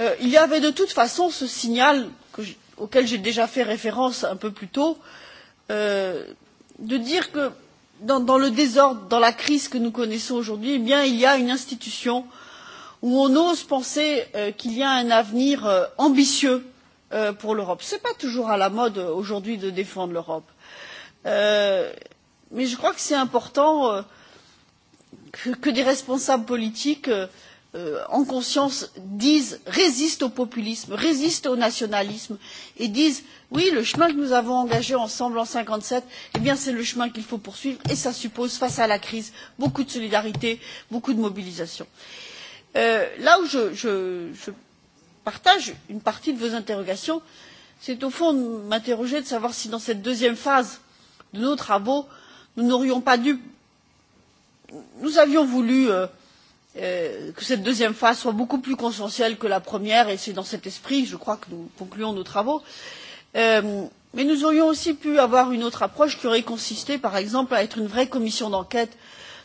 Speaker 2: euh, il y avait de toute façon ce signal que auquel j'ai déjà fait référence un peu plus tôt euh, de dire que dans, dans le désordre, dans la crise que nous connaissons aujourd'hui, eh bien, il y a une institution où on ose penser euh, qu'il y a un avenir euh, ambitieux euh, pour l'Europe. Ce n'est pas toujours à la mode aujourd'hui de défendre l'Europe. Euh, mais je crois que c'est important euh, que, que des responsables politiques euh, en conscience disent résistent au populisme résistent au nationalisme et disent oui le chemin que nous avons engagé ensemble en cinquante sept c'est le chemin qu'il faut poursuivre et cela suppose face à la crise beaucoup de solidarité beaucoup de mobilisation. là où je partage une partie de vos interrogations c'est au fond de m'interroger de savoir si dans cette deuxième phase de nos travaux nous n'aurions pas dû nous avions voulu que cette deuxième phase soit beaucoup plus consensuelle que la première et c'est dans cet esprit je crois que nous concluons nos travaux. mais nous aurions aussi pu avoir une autre approche qui aurait consisté par exemple à être une vraie commission d'enquête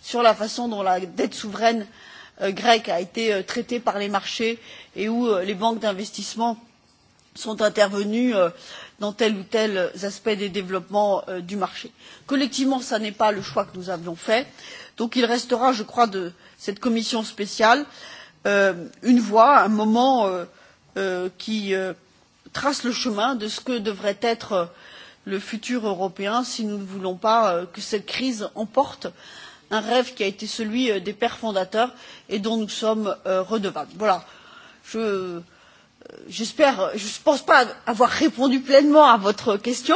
Speaker 2: sur la façon dont la dette souveraine grecque a été traitée par les marchés et où les banques d'investissement sont intervenues dans tel ou tel aspect des développements du marché. collectivement ce n'est pas le choix que nous avions fait donc il restera je crois de cette commission spéciale une voie, un moment qui trace le chemin de ce que devrait être le futur européen si nous ne voulons pas que cette crise emporte un rêve qui a été celui des pères fondateurs et dont nous sommes redevables. voilà je ne pense pas avoir répondu pleinement à votre question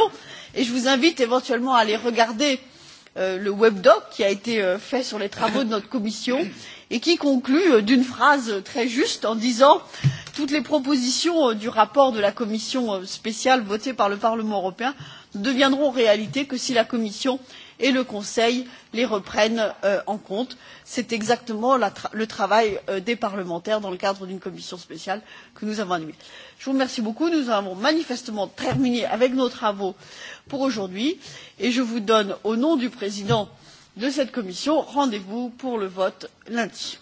Speaker 2: et je vous invite éventuellement à aller regarder le webdoc qui a été fait sur les travaux de notre commission et qui conclut d'une phrase très juste en disant toutes les propositions du rapport de la commission spéciale voté par le parlement européen ne deviendront réalité que si la commission et le Conseil les reprenne en compte. C'est exactement le travail des parlementaires dans le cadre d'une commission spéciale que nous avons animée. Je vous remercie beaucoup. Nous avons manifestement terminé avec nos travaux pour aujourd'hui et je vous donne, au nom du président de cette commission, rendez vous pour le vote lundi.